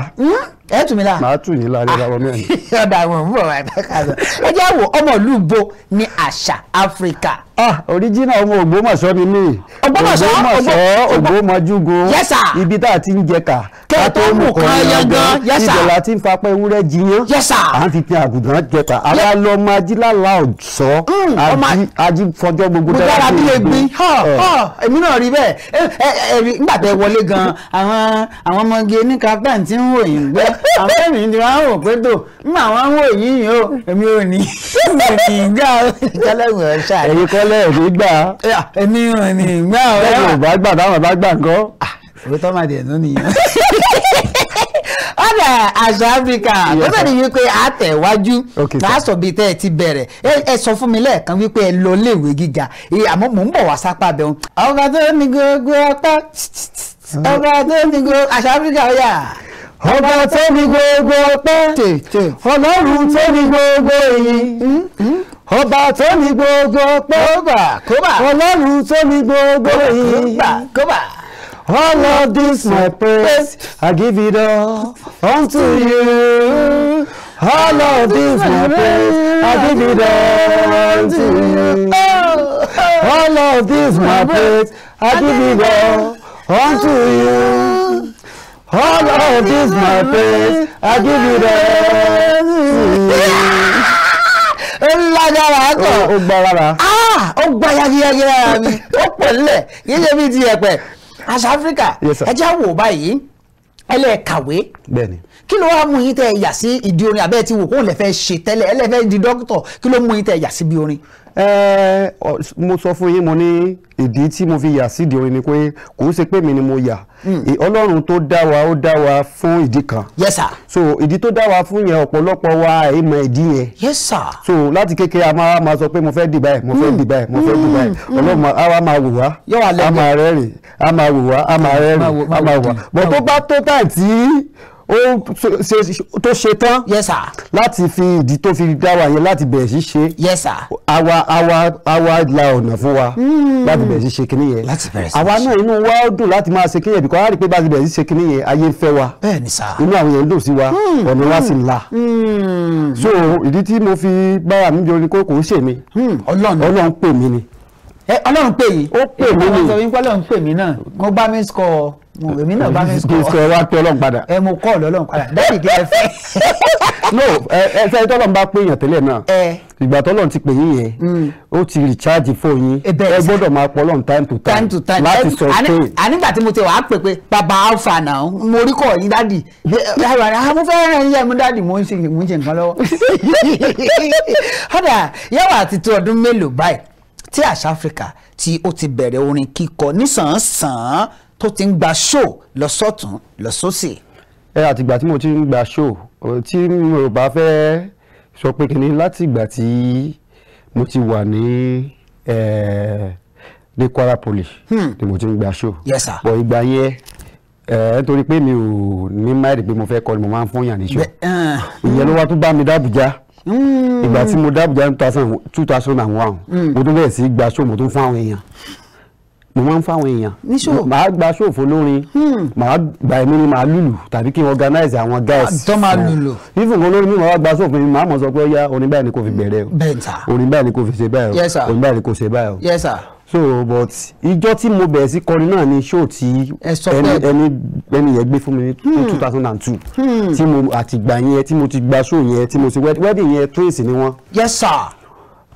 ẹ tù mí la. màá tù yín láàrin ìlàwọ mẹ́rin. ọ̀dà àwọn òun bọ̀ wá ìtọ́ka sọ. ẹ jẹ́ wo ọmọ ìlú bo ni àṣà áfíríkà. ah oríjìnà ọmọ ògbómọ̀ṣọ́ ni mí. ògbómọ̀ṣọ́ ògbómọ̀ṣọ́ ògbómọ̀júgo. yẹ́sà ibi tá a ti ń jẹka. kí ẹ tó mú kan yangan yẹ́sà. ibẹ̀ la ti ń fapẹ́ ewúrẹ́ jiyán. yẹ́sà à ń fi fi àgùntàn jẹka. àwa lọ ọmọ ajílàlà ọ̀ṣọ́ hmm, ají fọjọ́ gbogbo dára bí egbin. èmi náà rí bẹ́ẹ̀ nígbà tẹ wọlé gan-an àwọn ọmọge níka pẹ́ǹtì ń wòyìn gbẹ́ àfẹ́mi ti máa ń wò pé tó mà wọ́n ń wò yíyìn o èmi ò ní mi ò ní gbà ó kọ́lẹ́mù ẹ̀ ṣáà. ẹ̀yin kọ́lẹ́ ẹ̀ fi gbà á. èmi ò ní gbà ó. bẹ́ẹ̀ ni ò bá gbà táwọn bá gbà ńkọ́. òótọ́ ah, máa dẹ̀ nù nìyẹn ọ̀nà àṣà áfíríkà tó bẹ̀rẹ̀ wípé àtẹ̀wájú láàsọ̀ bíi tẹ́ ẹ ti bẹ̀rẹ̀ ẹ sọ fún mi lẹ́ẹ̀kan wípé ẹ lọ iléèwé gíga àmọ́ mò ń bọ̀ wá sápá bẹ̀ ọba tó ní gbogbo ọpá ọba tó ní gbogbo àṣà áfíríkà ó yà ọba tó ní gbogbo ọpẹ́ ọlọ́run tó ní gbogbo èyí hmm, hmm. ọba tó ní gbogbo ọpẹ́ ọlọ́run tó ní gbogbo èyí. All of this my praise, I give it all unto you. All of this my praise, I give it all unto you. Oh. All of this my praise, I give it all unto you. All of this my praise, I give you the. Lágbára kọ̀. Ó gbára. Ó gba ah, yagiyagiyara mi. Ó pẹ̀lẹ́ yíyẹ yes, bíi ti ẹ̀pẹ̀. Àṣà Áfíríkà ẹ já wò báyìí. Ẹ lè kàwé. Bẹ́ẹ̀ni. Kí ló wá mú yín tẹ ẹ̀yà sí ìdí orin àbẹ́ẹ̀ wò kó lè fẹ́ ṣe tẹ́lẹ̀ ẹ di dókítọ̀ kí ló mú yín tẹ ẹ̀yà sí bí orin mo sọ fún yín mo ní ìdí tí mo fi yà sídìí orin ni pé kò ń ṣe pé mi ni mo yà hmm. ọlọ́run tó dá wa ó dá wa fún ìdí kan yes sir so ìdí tó dá wa fún yẹn ọ̀pọ̀lọpọ̀ wa àìmọ̀ ìdí yẹn so láti kékeré a máa ma sọ pé mo fẹ́ dì báyìí mo fẹ́ hmm. dì báyìí mo fẹ́ dì hmm. báyìí ọlọ́run a wa máa wò wá a máa rẹ́rìn a máa wò wá a máa rẹ́rìn a máa wò wá bọ̀ tó bá tó táì tí ó tó ṣe tán. yes sir. láti fi ìdí tó fi dá wa yẹn láti bẹ̀rẹ̀ sí ṣe. yes sir. àwa àwa àwa la ọ̀nà fún wa. Hmm. láti bẹ̀rẹ̀ sí ṣe kinní yẹn. láti bẹ̀rẹ̀ sí ṣe. àwa náà inú wa ó dùn láti máa ṣe kinní yẹn bìkọ́ láti pé bá ti bẹ̀rẹ̀ sí ṣe kinní yẹn ayé ń fẹ́ wa. bẹ́ẹ̀ni sá. inú àwọn yẹn ń dùn sí wa hmm. ọ̀nà wa sì là. Hmm. so ìdí tí mo fi bára mi jọ ni kò ń ṣe mi. ọlọ́run pè mí ni. ọlọ́run pè yìí. ó pè mí ni. ọlọ́run èmi náà bá mi kọ́ ọ wá pé ọlọ́run padà. ẹ mo kọ́ ọ̀dọ́ ọlọ́run padà dáàbì kí ẹ fẹ́. no ẹ ẹ sẹ́yìn tọ́lọ́run bá pé èèyàn tẹ́lẹ̀ náà ìgbà tọ́lọ́run ti pè yín yẹn mm. ó ti recharge fún yín ẹ gbọ́dọ̀ máa pọ̀ ọlọ́run time to time, time, to time. láti sọ pé. ànígbà tí mo ti wàá pè pé bàbá alfa náà mo rí kọ́ yín dáàdì mo fẹ́ rẹ̀ yín yẹn mo dáàdì mo ń ṣe nǹkan lọ́wọ́. ọ̀dà yẹ́wà àti tó ọdún mélòó báyìí tí àṣà áfíríkà tí ó ti bẹ̀rẹ̀ orin kíkọ nísànsàn tó ti ń gba show lọ́sọ̀tún lọ́sọ̀sì. ẹ àtìgbà tí mo ti ń gba show tí mi ò bá fẹ́ sọ pé kìnínní láti ìgbà tí mo ti wà ní ní Kwara Poly hmm. ni mo ti ń gba show. yes sir. bọ̀ ìgbà yẹn nítorí pé mi ò ní máìlì pé mo fẹ́ kọ́ ni mo máa ń fún yàn ní show. ìyẹn ló wá tún bá mi dábùjá hmm. ìgbà tí mo dábùjá two thousand and one hmm. mo tún bẹ̀rẹ̀ sí gba show mo tún fún àwọn èèyàn mo máa ń fáwọn èèyàn màá gba ṣòfò lórin hmm. màá gba èmi ni màá lùlù tàbí kí n organize àwọn guys. tó máa hmm. lùlù. even kan lórí mi màá gba ṣòfò mi màá mọ̀ sọ pé ó yá orin báyìí ni kò fi bẹ̀rẹ̀ o orin báyìí ni kò fi ṣe báyìí o orin báyìí ni kò ṣe báyìí o. yes sir so but ìjọ tí mo bẹ̀rẹ̀ sí kọrin náà ni show tí ẹni ẹni yẹn gbé fún mi ní hmm. two thousand and two tí mo àtìgbà yẹn tí mo ti gba show yẹn tí mo yes sir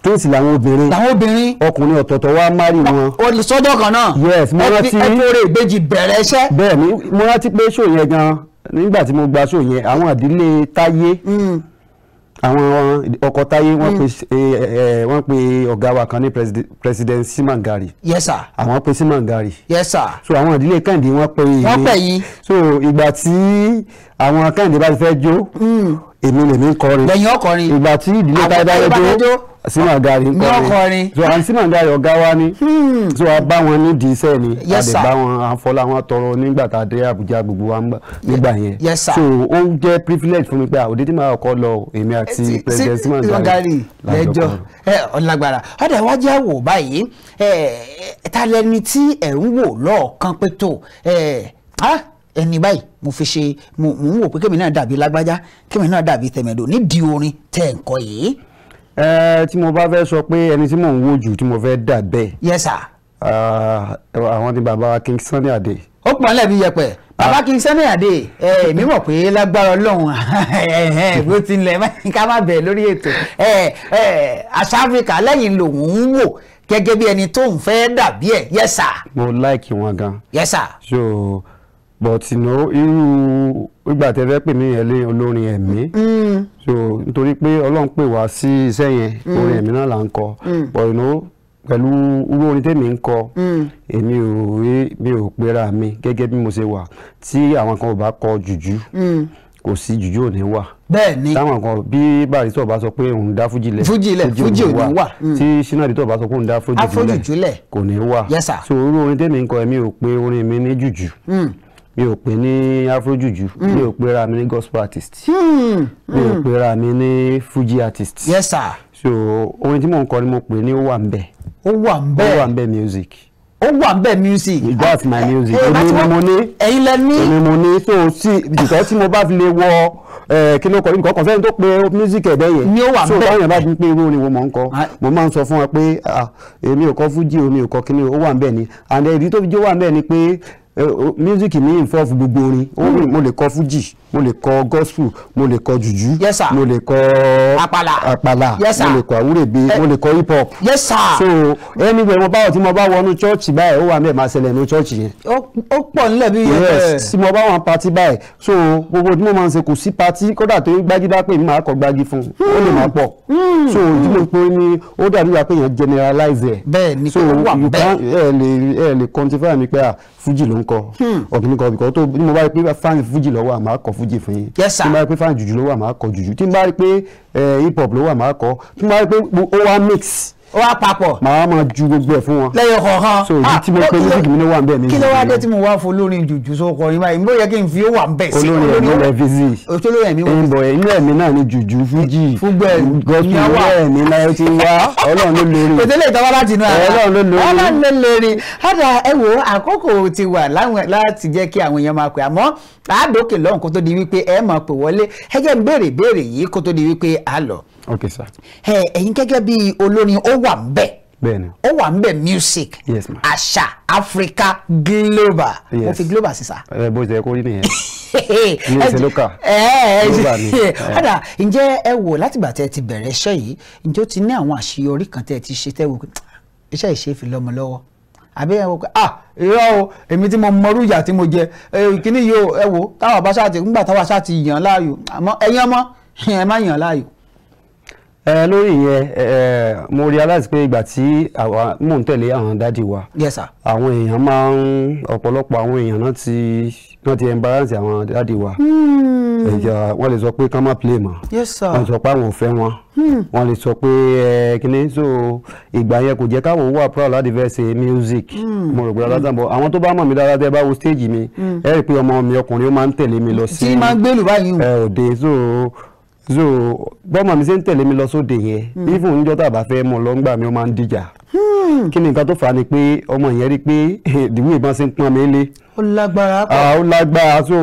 kéèsì làwọn obìnrin làwọn obìnrin ọkùnrin ọ̀tọ̀ọ̀tọ̀ wa mari wọn. olùsọdọ̀ kan náà yes mo rántí ẹtọ́rẹ́ ìbejì bẹ̀rẹ̀ iṣẹ́. bẹ́ẹ̀ ni mo rántí pé ṣò yẹn gan nígbà tí mo gba ṣò yẹn àwọn àdílé táyé hmm. àwọn ọkọ táyé wọ́n pe hmm. eh, eh, eh, wọ́n pe ọ̀gá wa kan ní president Simon Gari. yes sir. àwọn pe Simon Gari. yes sir. so àwọn àdílé Kẹ́hìndé wọ́n pe. wọ́n pè yín. so ìgbà tí àwọn Kẹ́hìndé bá ti fẹ́ jó. Mm èmi lèmi ń kọrin lẹ́yìn ọkọrin ìgbà tí ìdílé bá dájọ́ sínú àgàrí ń kọrin so àwọn sínú àgàrí ọ̀gá wa ni hmm. so a bá wọn nídìí iṣẹ́ ni a lè bá wọn afọlá wọn tọrọ nígbà tá a dé Àbújá gbogbo wa nígbà yẹn so ó jẹ́ privilege fún mi pé àwọn òdìdí máa kọ́ lọ èmi àti eh, president sínú àgàrí lẹ́jọ́ ọ̀làgbàrà ọ̀dà wa jẹ́ wò báyìí ta lẹni tí ẹ̀ ń wò lọ́ọ̀kan pé tó ẹ̀ ah ẹni báyìí mo fi ṣe mo ń wò pé kémi náà dàbí lágbájá kémi náà dàbí tẹ̀mẹ̀dò nídìí orin tẹ̀ ǹkọ́ yìí. ẹ tí mo bá fẹ́ sọ pé ẹni tí mò ń wò jù tí mo fẹ́ dà bẹ́ẹ̀. yes sir. àwọn ni bàbá King Sunny Adé. ó pọn lẹ́bi yẹpẹ̀ bàbá ah. King Sunny Ade. èmi mọ̀ pé lágbára ọlọ́run bó ti lẹ̀ ká má bẹ̀ lórí ètò àṣà áfíríkà lẹ́yìn lòun ń wò gẹ́gẹ́ bí ẹni tó ń fẹ́ dàbí ẹ̀ yes sir. mo láìkì wọn gan. yes sir. so but you know irú ìgbà tẹ fẹ́ pè mí yẹn lé olórin ẹ̀mí mm. so nítorí pé ọlọ́run pè wá sí iṣẹ́ yẹn mm. orin ẹ̀mí náà là ń kọ mm. but you know pẹ̀lú irú orin tèmi ń kọ èmi ò rí mi ò pera mi gẹ́gẹ́ bí mo ṣe wà tí àwọn kan ò bá kọ jùjú kò sí jùjú ò ní wà bẹ́ẹ̀ni táwọn kan bí Barrister bá sọ pé òun dá fújì lẹ̀ fújì lẹ̀ fújì ò ní wà tí Sinadi tó bá sọ pé òun dá fújì jùlẹ̀ kò ní wà so irú orin tèmi ń kọ èmi ò pè orin mi ní jùjú mi ò pè ní afrojuju hmm. mi ò pera mi ní gospel artist hmm, mi ò hmm. pera mi ní fuji artist. yes sir. so orin tí mò ń kọ ni mo pè ní ó wà ń bẹ. ó wà ń bẹ ó wà ń bẹ music. ó wà ń bẹ music. that's ah, my eh, music. Eh, èmi ni mo ní ẹ̀yin lẹ ní. èmi mo ní so tí jùlọ tí mo bá fi lè wọ eh, kí ló kọ nǹkan kan fẹ́ni tó pe music ẹ̀dẹ́ yẹn. ni ó wà ń bẹ so báwọn yẹn bá fi pé irú orin wo mò ń kọ ah. mo máa ń sọ fún wa pé ah, èmi ò kọ fuji èmi ò kọ kíní ó wà ń bẹ ni and èyí tó fi jẹ́ ó wà ń bẹ ni pé Eh, music mi involve gbogbo orin mo le kọ fuji, mo le kọ gospel mo le kọ jùjú mo lè kọ àpàlà mo le kọ àwúrèbe mo lè kọ eh, hip hop yes sir so anywhere mo bá wọ tí mo bá wọnú chọ́ọ̀chì báyìí ó wà mẹ́ẹ̀ máa ṣẹlẹ̀ nínú chọ́ọ̀chì yẹn. ó pọ̀ nílẹ̀ bí yẹn bẹ́ẹ̀ yes tí mo bá wọn pati báyìí so gbogbo tí mo máa ń ṣe kò sí pati kódà tó gbági bá pè mí máa kọ gbági fún un ó lè hmm. máa pọ̀ hmm. so ìdí mo pe ni ó dàbí wà pé yẹn generalize ẹ̀ so you can ẹ lè quantify mi pé ah fújì ló ń kọ hmm. ọ̀gbìn kan bìkọ́ tó ní mo bá rí pé fáànì fújì lọ́wọ́ àmà kọ fújì fún yín tí mo bá rí pé fáànì jùjú lọ́wọ́ àmà kọ jùjú tí mo bá rí pé eh, hip hop lọ́wọ́ àmà kọ tí mo bá rí pé ó wá mix ó wá papọ̀. màá máa ju gbogbo ẹ̀ fún wọn. lẹ́yìn kọ̀ọ̀kan so èyí ah, tí mo pe music mi ní wà nbẹ mi. kí ló wá dé tí mo wá fún olórin jùjú sókọ yín báyìí mo yẹ kí n fi ó wà nbẹ sí. olórin ẹ̀mí lẹ fi sí. olórin ẹ̀mí wọ́n fi sí. ìbọ̀ ẹ̀mí ẹ̀mí náà ni jùjú fújì. fúgbẹ́ gọ́sùn ẹ̀mí náà ó ti wá ọlọ́run ló lérí. kò tẹ́lẹ̀ ìtawá láti inú ara ọlọ́run ló lérí. hádà ẹ wo àkókò ti wà láti jẹ́ kí àwọn èèyàn máa pè àmọ́ àádókè lọ́hùn kó tó di wípé ẹ máa pè wọlé ẹ jẹ́ ń béèrè béèrè yìí kó tó di wípé àlọ́ Okay sir. ẹ ẹ̀yin gẹ́gẹ́ bí olórin ó wà ń bẹ̀ bẹ́ẹ̀ni ó wà ń bẹ̀ music yes ma àṣà Africa global yes mo fi global sí sa. ẹ bó ṣe kó rí nìyẹn ní ẹsẹ lókà global ni. ọ̀dà ǹjẹ́ ẹ wò látìgbà tẹ́ ẹ ti bẹ̀rẹ̀ iṣẹ́ yìí ǹjẹ́ ó ti ní àwọn àṣeyọrí kan tẹ́ ẹ ti ṣe tẹ́ ah, iṣẹ́ ìṣe fi lọ́mọ lọ́wọ́ àbí ẹ wò pé ah irọ́ o èmi tí mo mọrú ìyà tí mo jẹ kíní yìí o ẹ wò táwọn bá ṣáà ti ńgbà táwọn ṣáà ti yàn láàyò àmọ́ ẹ̀yin ẹ má yàn láàyò ẹ lórí yẹn mo realize pé ìgbà tí mò ń tẹ̀lé àwọn dádì wa yes sir àwọn èèyàn máa ń ọ̀pọ̀lọpọ̀ àwọn èèyàn náà ti náà ti embarrass àwọn dádì wa hmm. ẹ̀jẹ̀ wọ́n lè sọ pé ká má play mọ́ yes sir wọ́n sọ pé àwọn ò fẹ́ wọn hmm. wọ́n lè sọ pé ẹ kíní so ìgbà yẹn kò jẹ́ káwọn wà proud láti fẹ́ ṣe music hmm. mo rò pé aláta bọ̀ àwọn tó bá mọ̀ mí dáadáa tẹ́ bá wo stage mi ẹ rí i pé ọmọ mi ọkùnrin ó máa ń tẹ̀lé mi lọ sí òde so gbọ́mọ̀ mi ṣe ń tẹ̀lé mi lọ sóde yẹn hmm. even níjọ́ tá a bá fẹ́ mọ̀ lọ́ngbà mi ó máa ń dìjà hmm. kí ni nǹkan tó fà á ni pé ọmọ yẹn rí i pé ìdíwọ́ ìbọn ṣe ń pọ́n mi lé ó lágbára pọ̀ ah, ó lágbára so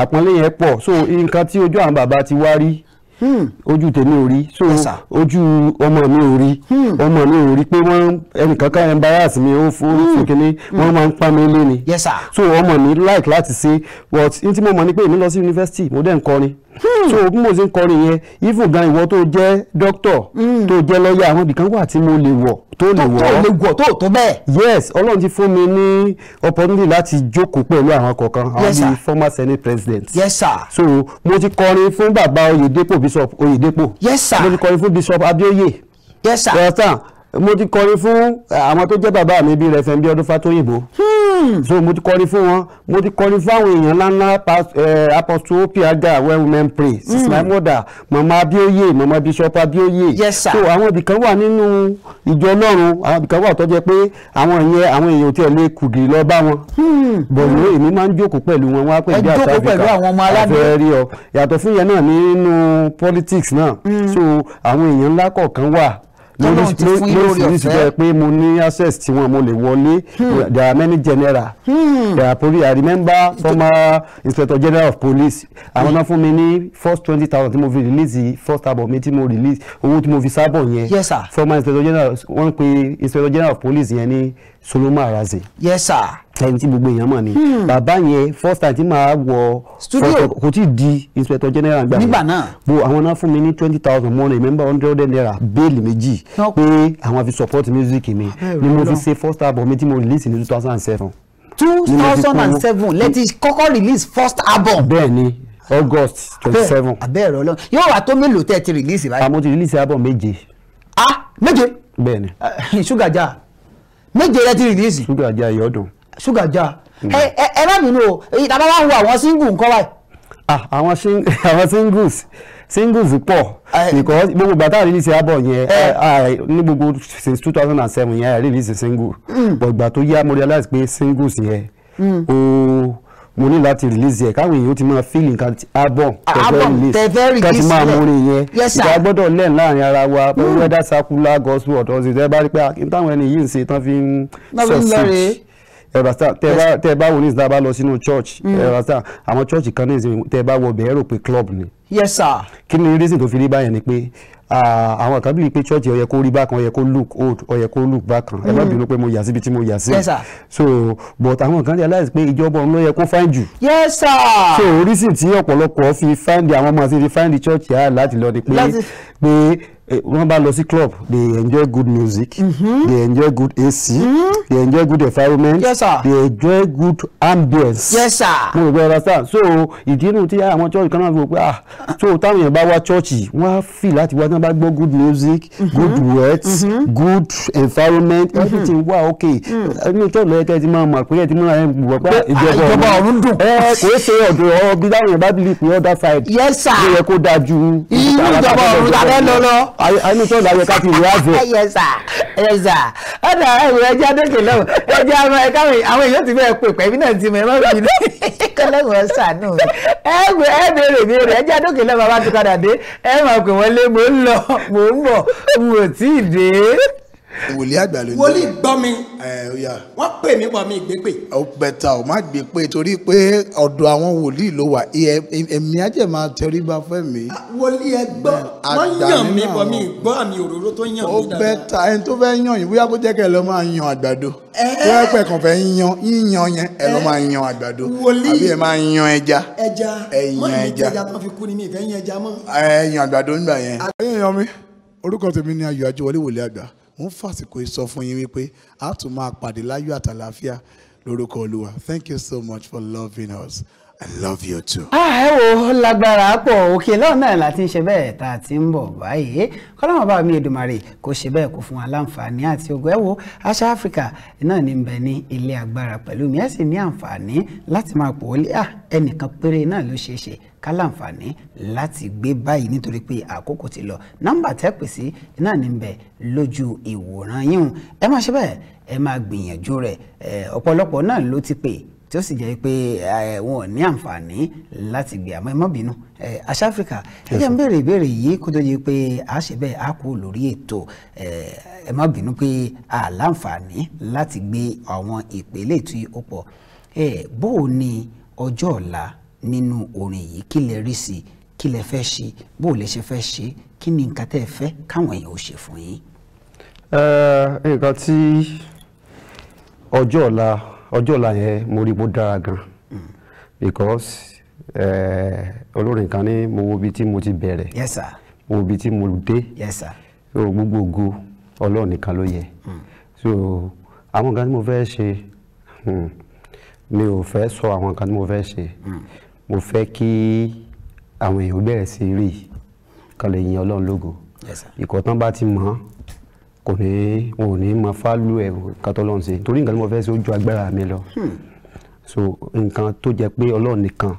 àpọ́nlé yẹn pọ̀ so nǹkan tí ojú àwọn bàbá ti wá rí Hmm. ojú tèmi ò rí so ojú ọmọ mi ò rí hmm. ọmọ mi ò rí pé wọ́n ẹnìkan ká embarrass mi ó fún fún hmm. kínní máa ń pa mi lé ni so ọmọ mi like láti ṣe but n tí mo mọ̀ ni pé èmi lọ sí yunifásitì mo dẹ̀ ń kọrin so bí mo ṣe ń kọrin yẹn even gan ìwọ tó jẹ́ doctor tó jẹ́ lọ́ọ̀yà àwọn ibìkan wà tí mo lè wọ̀ tó lè wọ̀ tó lè wọ̀ tó tó bẹ́ẹ̀. yes ọlọ́run ti fún mi ní opportunity láti jókòó pẹ̀lú àwọn kọ̀ọ̀kan àwọn bíi former senate president. yes sir. so mo ti kọrin fún bàbá Oyèdépò b bishop oyedepo. yes sir mo ti kọrin fún bishop abioye. yes sir lọ́tàn mo ti kọrin fún eh, àwọn tó jẹ́ bàbá mi bíi rẹ̀fẹ̀ bíi ọdún fatoyinbo. Hmm Hmm. so mo ti kọrin fún wọn mo ti kọrin fún àwọn èèyàn ńláńlá apostle opiaga well women pray my hmm. mother. mama abioye mama bishop abioye so àwọn ibìkan wà nínú ìjọ Ọlọ́run àwọn ibìkan wà tó jẹ́ pé àwọn ìyẹn àwọn èèyàn tí ẹ lè kùgì lọ bá wọn hmm. bọ̀dọ̀ èmi máa ń jókòó pẹ̀lú wọn wá pé ìdí àti Áfíríkà àfẹ́ rí ọ yàtọ̀ fún yẹn náà nínú politics náà so àwọn èèyàn ńlá kọ̀ọ̀kan wà tọ́lọ́run ti fún yín lórí ọ̀fẹ́. lórí ìsìnkú pé mo ní access tí wọn mo lè wọlé hmm. there are many general hmm. there are police I remember former inspector general of police àwọn náà fún mi ní first twenty thousand tí mo fi release first album mi tí mo release owó tí mo fi sábọ̀ yẹn yes sir former inspector general wọ́n pe inspector general of police yẹn ní Solomon Araze. yes sir. ẹni tí gbogbo èèyàn mọ̀ ni hmm. bàbá yẹn first time tí màá wọ studio kò tí ì di inspector general gbà nígbà náà bo àwọn náà fún mi ní twenty thousand mo remember hundred naira bẹ́ẹ̀lì méjì pé àwọn fi support music mi ah, ni mo fi ṣe first album mi tí mo release ní two thousand and seven. two thousand and seven Let lẹ́tí kọ́kọ́ release first album. bẹ́ẹ̀ni august twenty seven. abẹ́rẹ́ ọlọ́run yóò wá tó mélòó tẹ́ ẹ ti release báyìí. àmọ́ ah, ti release album méje. ah méje. bẹ́ẹ̀ni. ṣúgà já méje rẹ ti rìlíìsì. ṣúgà já iye ọdún. ṣúgà já hmm. ẹ ẹ má bínú o ìtàbá wa ń wo àwọn single nǹkan báyìí. ah àwọn singles singles pọ̀ because gbogbo bàtà release abọ yẹn ní gbogbo since two thousand and seven yẹn release single hmm. but gbà tó yá mo realize pé singles yẹn ooo. Hmm mo ní láti release yẹ káwọn èèyàn ti máa feel nǹkan album tẹfẹ ah, release kẹsì máa mú yẹn ìgbà gbọ́dọ̀ lẹ́n láàrin ara wa whether hmm. circular gospel ọ̀tọ̀ ọ̀sìn tẹ́ bá rí pé táwọn ẹni yìí ń ṣe tán fi ń succeed ẹ̀rọ̀sà tẹ́ bá wò ní ìsìn bá lọ sínú church mm. ẹ̀rọ̀sà àwọn church kan ní ìsìn bá wọ bẹ̀ẹ́ pé club ni. yes sir. kí ni reason tó fi rí báyẹn ni pé àwọn kan bíi pé church ó kó rí bákan ó kó look old ó kó look bákan ẹ má mm. bínú pé mo yà síbi tí mo yà sí. yes sir. so but àwọn kan realize pé ìjọba òun ló yẹ kó find you. yes sir. so reason tí ọ̀pọ̀lọpọ̀ fi find àwọn ọmọ àti fi find church yà láti lọ ni pé pé wọ́n bá lọ sí club they enjoy good music mm -hmm. they enjoy good AC mm -hmm. they enjoy good environment yes, sir. they enjoy good ambience. yes sir. mo rò pé rasta so ìdí inú tí àwọn church kan náà fi wò pé ah so táwọn èèyàn bá wá church wọ́n á fì láti wá tí wọ́n bá gbọ́ good music mm -hmm. good words mm -hmm. good environment mm-hmm. mm -hmm. everything wà okay? inú church lọ́yẹ̀ kẹ́ ti máa mọ̀ pé ẹ ti máa ẹ wọ̀ pé ah, ah, ìjọba ọ̀run dùn. ẹ kò ṣe ọ̀dọ̀ ọ táwọn èèyàn bá bìlì pé other side. yes sir. yẹ kó dájú. ìjọba ọ̀run la fẹ́ I know that àánú tó dáyẹ ká fi ìwé àbò. ẹyẹ I ẹyẹ sà ọ̀dà ẹ̀wọ̀ ẹjẹ́ adókè náà ẹjẹ́ àwọn èèyàn ti bẹ́ẹ̀ pè pẹ̀mí náà ti mọ̀ ẹ̀rọ mi náà kọ́lẹ́wọ̀ ẹ sànù ẹ̀wọ̀ ẹ béèrè béèrè ẹjẹ́ adókè náà bàbá ti padà dé ẹ̀ máa pè wọ́n lé mò ń lọ mò ń bọ̀ n ò tí ì dé wòlíì àgbà ló ń jẹ́ wòlíì gbọ́ mi wọ́n pè mí bọ̀ mi ìgbé pè. ó bẹ̀tà ó má gbé pé torí pé ọ̀dọ̀ àwọn wòlíì ló wà ẹ̀mí ajẹ́ máa tẹrí bá fẹ́ mi. Ah, wòlíì ẹ gbọ́ wọ́n yàn mí bọ̀ mi gbọ́ àmì òróró tó yàn mí dáadáa. ó bẹ̀tà ẹni tó fẹ́ yàn yín bóyá kó jẹ́ kẹ́ ẹ lọ máa yan àgbàdo tó ẹ pẹ̀ kàn fẹ́ yan yíyan yẹn ẹ lọ máa yan àgbàdo àbí ẹ máa yan ẹja ẹja ẹ yan ẹja ẹ yan àgbàdo nígbà yẹn. Ah. orúkọ tèmi ni Ayọ̀ Ajíwọlé wòlíì àgbà mo ń fàsìkò ìsọfún yín wípé a tún máa pàdé láyọ̀ àtàlàáfíà lórúkọ olúwa thank you so much for loving us i love you too. a ẹ wo lágbára pọ̀ òkè lọ́nà náà láti ń ṣe bẹ́ẹ̀ tá a ti ń bọ̀ báyìí kọ́lọ́mọ̀ bá mi Èdùmàrè kò ṣe bẹ́ẹ̀ kó fún wa láǹfààní àti ogun ẹ wo àṣà áfíríkà náà ní bẹ ní ilé agbára pẹ̀lú mi ẹ sì ní àǹfààní láti máa pò ó lé ẹnìkan péré náà ló ṣeé ṣe ká láǹfààní láti gbé báyìí nítorí pé àkókò ti lọ nọ́mbà tẹ́ pè sí náà ní bẹ̀ lójú ìwòran yín ẹ máa ṣe bẹ́ẹ̀ ẹ máa gbìyànjú rẹ̀ ọ̀pọ̀lọpọ̀ náà ló ti pè tí ó sì jẹ́ pé wọn ò ní àǹfààní láti gbé àmọ́ ẹ má bínú àṣà áfíríkà ẹ jẹ́ ń béèrè ìbéèrè yìí kó tó yẹ pé a ṣe bẹ́ẹ̀ a kú lórí ètò ẹ má bínú pé a láǹfààní láti gbé àwọn ìpele tí ó bó o ní ọjọ́ ọ̀la nínú orin yìí kí lè rí sí kí lè fẹ́ ṣe bó lè ṣe fẹ́ ṣe kí ni nǹkan tẹ́ ẹ fẹ́ káwọn èèyàn ó ṣe fún yín. nǹkan tí ọjọ́ ọ̀la ọjọ́ ọ̀la yẹn mo rí mo dára gan mm. because olórin kan ní mo wo ibi tí mo ti bẹ̀rẹ̀ yes sir mo wo ibi tí mo dé so gbogbo ògo ọlọ́run nìkan ló yẹ mm. so àwọn nǹkan tí mo fẹ́ ṣe hmm, mi ò fẹ́ sọ àwọn nǹkan tí mo fẹ́ ṣe. Mm mo fẹ́ kí àwọn èèyàn bẹ̀rẹ̀ sí rí kan lè yin ọlọ́run lógo ìkọ̀ tán bá ti mọ̀ kò ní wọn ò ní mọ fálù ẹ̀ kan tó lọ́run ṣe torí nǹkan tí mo fẹ́ ṣe ó ju agbára mi lọ hmm. so nǹkan tó jẹ́ pé ọlọ́run nìkan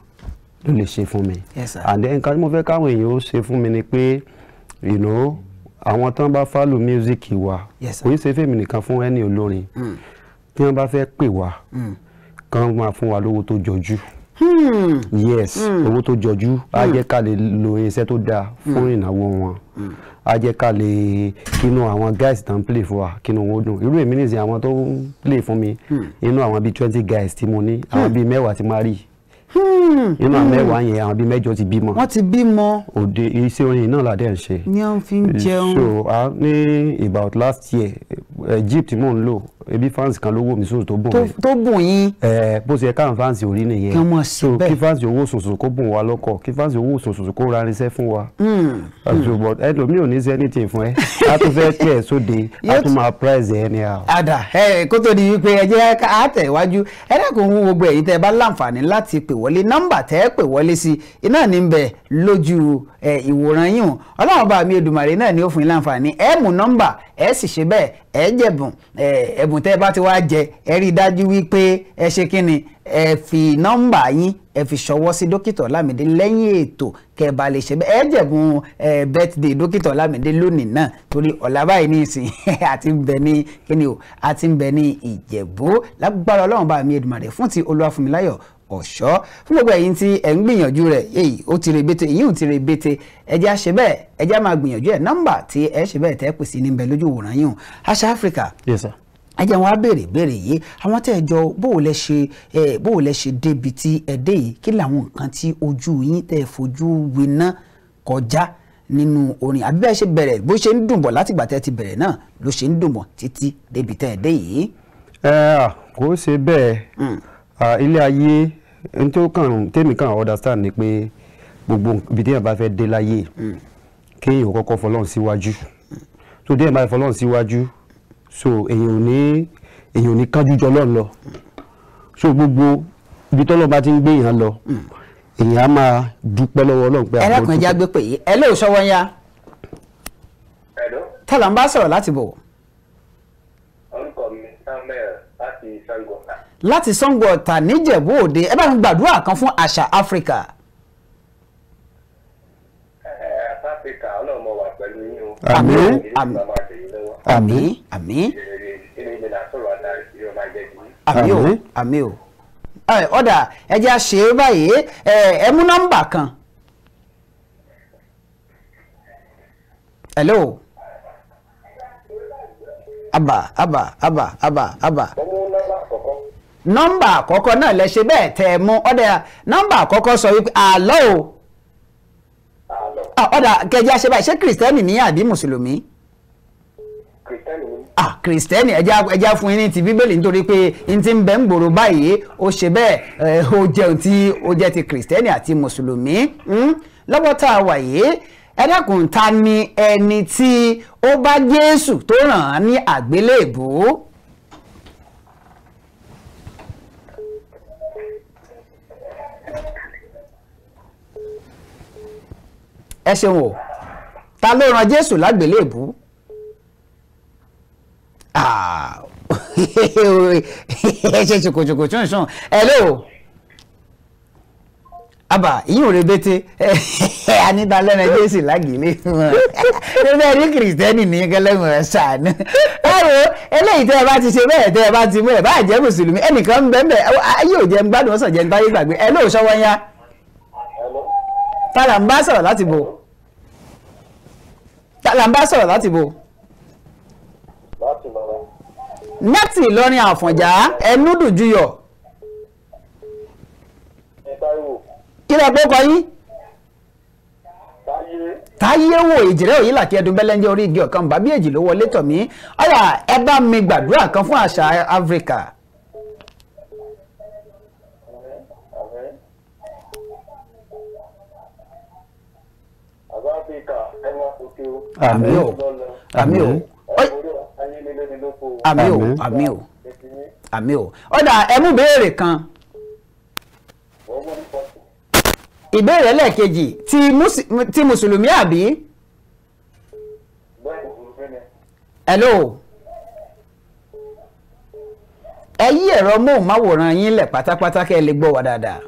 ló lè ṣe fún mi and then nǹkan tí mo fẹ́ káwọn èèyàn ó ṣe fún mi ni pé you know àwọn tán bá fálù mísíkì wa kò ní ṣe fèmí nìkan fún ẹni olórin hmm. tí wọ́n bá fẹ́ pè wá hmm. kán máa fún wa lówó tó jọjú. Hmm. yes hmm. owó tó jọjú á hmm. jẹ́ ká lè lo irinṣẹ́ tó dáa fún ìnáwó wọn á jẹ́ ká lè kínú àwọn guys tó ń play fún wa kínú wọn ó dùn irú èmi nìyí àwọn tó ń play fún mi inú àwọn bíi twenty guys tí mo ní àwọn bíi mẹ́wàá ti máa rí i inú àmẹ́wàá yẹn àwọn bíi mẹ́jọ ti bímọ. wọ́n ti bímọ. òde iṣẹ́ orin náà ládẹ́ ń ṣe. ni wọ́n fi ń jẹun. so a ní about last year Egypt, jeep tí mò ń lò ebi France kan ló wò mí sóòtú tó bùn mí. tó bùn yín. ẹ bó ṣe yẹ káwọn orí nìyẹn. kí wọ́n ṣe bẹ́ẹ̀. kí fans owó sòsò kó bùn wa lọ́kọ̀ kí fans owó sòsò kó ra irinṣẹ́ fún wa. Hmm, hmm. ṣùgbọ́n ẹlòmíì ò ní ṣe anything fún ẹ a tún fẹ́ tiẹ̀ sóde a tún máa prize ẹ ní a. àdà ẹ kó tó di wípé ẹ jẹ́ ká tẹ̀wájú ẹ dákun ń gbogbo ẹ̀yin tẹ́ bá láǹfààní láti pè wọlé nọ́mbà tẹ́ pè wọlé sí iná ní bẹ̀ lójú ìwòran yìí ọlọ́run bá mi Èdùmàrè náà ni ó fún yín láǹfààní ẹ mú nọ́mbà ẹ sì ṣe bẹ́ẹ̀ ẹ jẹ̀bùn ẹ̀bùn tẹ́ ẹ bá ti wá jẹ ẹ rí i dájú wípé ẹ ṣe kí ni ẹ fi nọ́mbà yín ẹ fi ṣọwọ́ sí dókítà Ọlámídé lẹ́yìn ètò kẹba lè ṣe bẹ́ẹ̀ ẹ jẹ̀bùn birthday dókítà Ọlámídé lónìí náà torí ọ̀la báyìí ní ìsìn àti ń bẹ ní kíni o àti ń bẹ ní Ìjẹ̀bú lágbára Ọlọ́run bá mi Èdùmàrè fún ti Olúwafúnmiláyọ̀ ọ̀ṣọ́ fún gbogbo ẹ̀yin tí ẹ̀ ń gbìyànjú rẹ̀ èyí ó ti rebete èyí ò ti rebete ẹjẹ́ á ṣe bẹ́ẹ̀ ẹjẹ́ á máa gbìyànjú ẹ̀ nọ́mbà tí ẹ ṣe bẹ́ẹ̀ tẹ́ pèsè níbẹ̀ lójú wòran yìí àṣà áfíríkà. Yes sir ẹjẹ wọn á béèrè béèrè yìí àwọn tẹ́ ẹ jọ bóò lẹ ṣe ẹ bóò lẹ ṣe débi tí ẹ dé yìí kí làwọn nǹkan tí ojú yín tẹ́ ẹ fojú winá kọjá nínú orin àbí bẹ́ẹ̀ ṣe bẹ̀rẹ̀ ṣe bẹ́ẹ̀ hmm. ilé ayé n tó kàn tèmi kàn understand ni pé gbogbo ibi téèyàn bá fẹ́ dé láyé hmm. kéèyàn kọ́kọ́ fọlọ́run síwájú so téèyàn bá fọlọ́run síwájú so èèyàn ò ní èèyàn ò ní kánjú jọ lọ́n lọ so gbogbo ibi tọ́lọ́ bá ti ń gbé èèyàn lọ hmm. èèyàn á máa dúpẹ́ lọ́wọ́ Ọlọ́run pé àwọn ọdún. ẹlẹ́kùnrin jágbé pè é ẹ lóò sọ wọ́n ya tọ́lá ń bá sọ̀rọ̀ láti bọ̀wọ̀. láti Ṣàngó Ọ̀tà níjẹ̀bú Òde ẹ bá mi gbàdúrà kan fún àṣà áfíríkà. áfíríkà ọlọ́mọ wà pẹ̀lú yín o. àmín àmín àmín àmín. àmín o àmín o. ọ̀dà ẹ jẹ́ àṣẹ báyìí ẹ mú nọ́mbà kan. hello aba aba aba aba aba nọ́mbà àkọ́kọ́ náà lẹ ṣe bẹ́ẹ̀ tẹ́ ẹ mú ọ̀dà nọ́mbà àkọ́kọ́ sọ wípé àlọ́ o ọ̀dà ah, kẹjá ṣe báyìí ṣé kìrìsìtẹ́nì ní àbí mùsùlùmí ah kìrìsìtẹ́nì ẹja fún yín ní ti bíbélì nítorí pé n ti ń bẹ ń gbòòrò báyìí ó ṣe bẹ́ẹ̀ eh, ó jẹun tí ó jẹ́ ti kìrìsìtẹ́nì àti mùsùlùmí hmm? lọ́wọ́ tá a wà yìí ẹ ta ni ẹni tí ó bá Jésù tó ràn án ní àgbélébùú. ẹ ṣeun o ta ló ran Jésù lágbélébú ah. ẹ ṣe ṣòkòṣòkò tún ṣan ẹ lé o àbà ìyín ò rebete anidalẹ́nu Jésù lágbélé wọn ẹgbẹ́ rí kìrìsìtẹ́nì ní gẹlẹ́wọ̀n ẹ̀ ṣàánú ẹ̀rọ eléyìí tẹ́ ẹ bá ti ṣe bẹ́ẹ̀ tẹ́ ẹ bá ti mú ẹ̀ bá jẹ́ mùsùlùmí ẹnìkan ń bẹ́ẹ̀ bẹ́ẹ̀ ayé ò jẹun gbádùn ọ̀sán jẹun táyé gbàgbé ẹ lóò ṣọwọ́ yá tààrà ń bá sọ̀rọ̀ láti bò là ń bá sọ̀rọ̀ láti bo. láti Ìlọrin. nẹ́ẹ̀tì Ìlọrin Àfọ̀njá ẹnu dùn juyọ̀. kí lẹ kó kọ yín. táyé wò ìjìrẹ́ òyìn làkí ẹdun bẹ́lẹ́njẹ́ orí igi ọ̀kan bàbí èjì ló wọlé tọ̀ mí ọ̀yà ẹ bá mi gbàdúrà kan fún àṣà Áfíríkà. àmì o àmì o àmì o àmì o àmì o ọ̀dà ẹ̀mú béèrè kan ìbéèrè lẹ́ẹ̀kejì ti mùsùlùmí àbí. hello ẹ yí ẹ̀rọ móhùnmáwòrán yín lẹ̀ pátápátá kẹ́ ẹ lè gbọ́ wa dáadáa.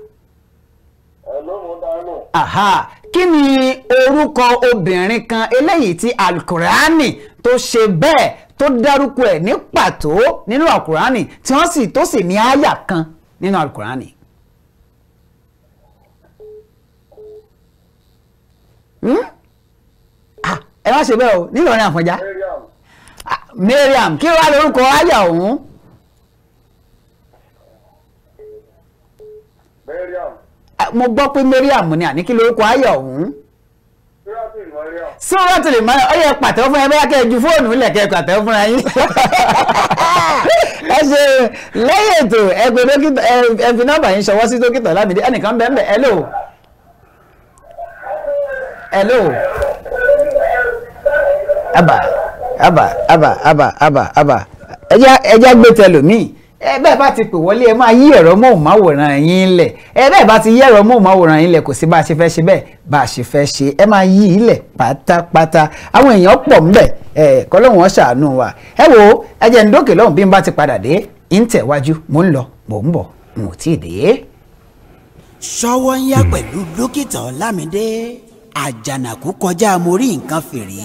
aha kí ni orúkọ obìnrin kan eléyìí tí alukurani tó ṣe bẹ́ẹ̀ tó dárúkọ ẹ̀ ní pàtó nínú alukurani tí wọ́n sì tó sì ní àyà kan nínú alukurani. Hmm? Ah, ẹ má ṣe bẹ́ẹ̀ o nílò ní Àfọ̀njá Mariam ah, kí wàá lórúkọ àyà òun. Eh, mo gbọ́ pé mariam ni àní kí lorúkọ ayọ̀ ọ̀hún. sọ́wọ́n ti lè mọ ọ yẹ pàtẹ́wọ́ fún ẹ bẹ́ẹ̀ kẹ́ ẹ ju fóònù ilẹ̀ kẹ́ ẹ pàtẹ́wọ́ fún ẹ yín. ẹ ṣe lẹ́yìn ètò ẹ pé dókítà ẹ fi nọ́mbà yín ṣọwọ́ sí dókítà Ọlámídé ẹnìkan bẹ́ẹ̀ bẹ́ẹ̀ hello. hello. àbà àbà àbà àbà àbà àbà ẹja gbé tẹlòmíì. ebe bẹ́ẹ̀ bá ti pè wọlé ẹ máa yí ẹ̀rọ móhùnmáwòrán yín ebe ẹ bá ti yí ẹ̀rọ móhùnmáwòrán yín lẹ̀ kò sí bá a ṣe fẹ́ ṣe a ṣe ṣe ẹ máa yí ilẹ̀ pátápátá àwọn èèyàn pọ̀ ńbẹ̀ ẹ ṣàánú wa ẹ wo ń dókè n bá ti padà dé ń n ò pẹ̀lú dókítà àjànàkú kọjá mo rí nǹkan fèrè.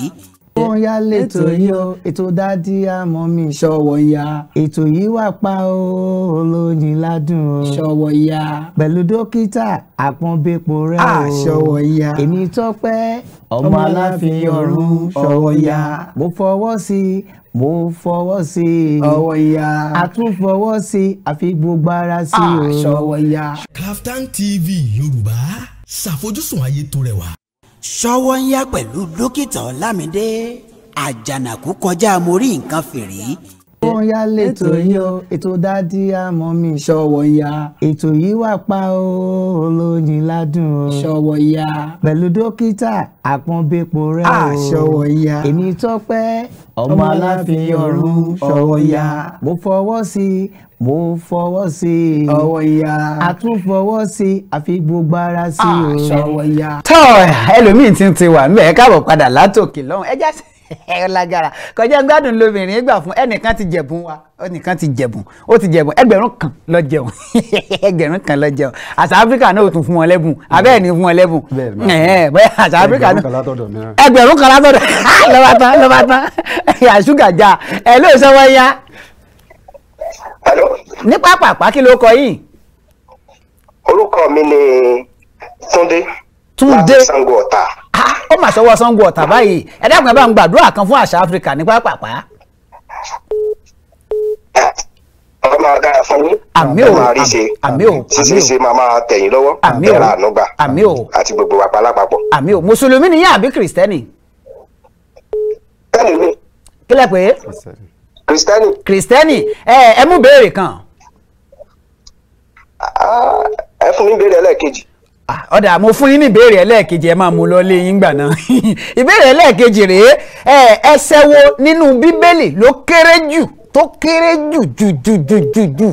wọ́n yá lẹ́tò yìí o ètò dádì àmọ́ mi ṣọwọ́ ya ètò yìí wà pa o olóyin ládùn o ṣọwọ́ ya pẹ̀lú dókítà àpọ́nbẹ́po rẹ o ṣọwọ́ ya èmi tọ́pẹ́ ọmọ aláfin ọ̀run ṣọwọ́ ya mo fọwọ́ sí i mo fọwọ́ sí i ọwọ́ ya a tún fọwọ́ sí i àfi gbogbo ara sí i o ṣọwọ́ ya. Kaftan TV Yorùbá ṣàfojúsùn ayé tó rẹwà ṣọwọ́ ń yá pẹ̀lú dókítà ọlámídé àjànàkú kọjá mo rí nǹkan fìrí. ṣọwọ́ ń yá lẹ́tọ̀ yìí o ètò dádì àmọ́ mi ṣọwọ́ ń yá. ètò yìí wà pa o olóyin ládùn o. ṣọwọ́ ń yá. pẹ̀lú dókítà àpọ́nbépo rẹ̀ o. ṣọwọ́ ń yá. èmi tọ́pẹ́ ọmọ aláfin ọ̀run ṣọwọ́ ń yá. mo fọwọ́ sí i mo ń fọwọ́ sí i ọwọ́ ya a tún fọwọ́ sí i àfi gbogbo ara sí i ah, ọwọ́ ya. tọ́ ẹlòmíín ti ń ti wà níbẹ̀ káàbọ̀ padà látòkè lọ́hùn ẹja sí ẹ lágara kọjá gbádùn lóbìnrin gbà fún ẹnìkan ti jẹ̀bùn wa ẹnìkan ti jẹ̀bùn ó ti jẹ̀bùn ẹgbẹ̀rún kan lọ jẹun ẹgbẹ̀rún kan lọ jẹun àṣà áfíríkà náà ò tún fún wọn lẹ́bùn abẹ́ẹ̀ ni fún wọn lẹ́bùn àṣà áfíríkà náà ẹgbẹ̀rún kan látọ̀dọ̀ lọ́ba tán lọ́ba tán àṣùgà já ẹ wọ́n yá ní pàápàá kí ló kọ yìí. orúkọ mi ni túndé. túndé sango ọ̀tà. Ah, ó mà sọ́wọ́ sango ọ̀tà báyìí ẹ dákun ẹ bá ń gbàdúrà kan fún àṣà áfíríkà ní pàápàá. ọ̀rọ̀ máa dára fún yín. àmì ò máa rí ṣe àmì ò ṣíṣe ṣe máa máa tẹ̀yìn lọ́wọ́ tẹ̀ra ànúgbà àmì ò àti gbogbo wa palápapọ̀. àmì ò mùsùlùmí nìyẹn àbí kìrìsìtẹ́nì. kí lẹ pé kristẹni. kristẹni ẹ ẹ mú béèrè kan. Ah, ẹ fún mi béèrè ẹlẹ́ẹ̀kejì ah, ọ̀dà mo fún yín ní ìbéèrè ẹlẹ́ẹ̀kejì ẹ máa mú lọ lé yín gbà náà ìbéèrè ẹlẹ́ẹ̀kejì rèé ẹsẹ̀ wo nínú bíbélì ló kéré jù tó kéré jù jù jù jù jù jù.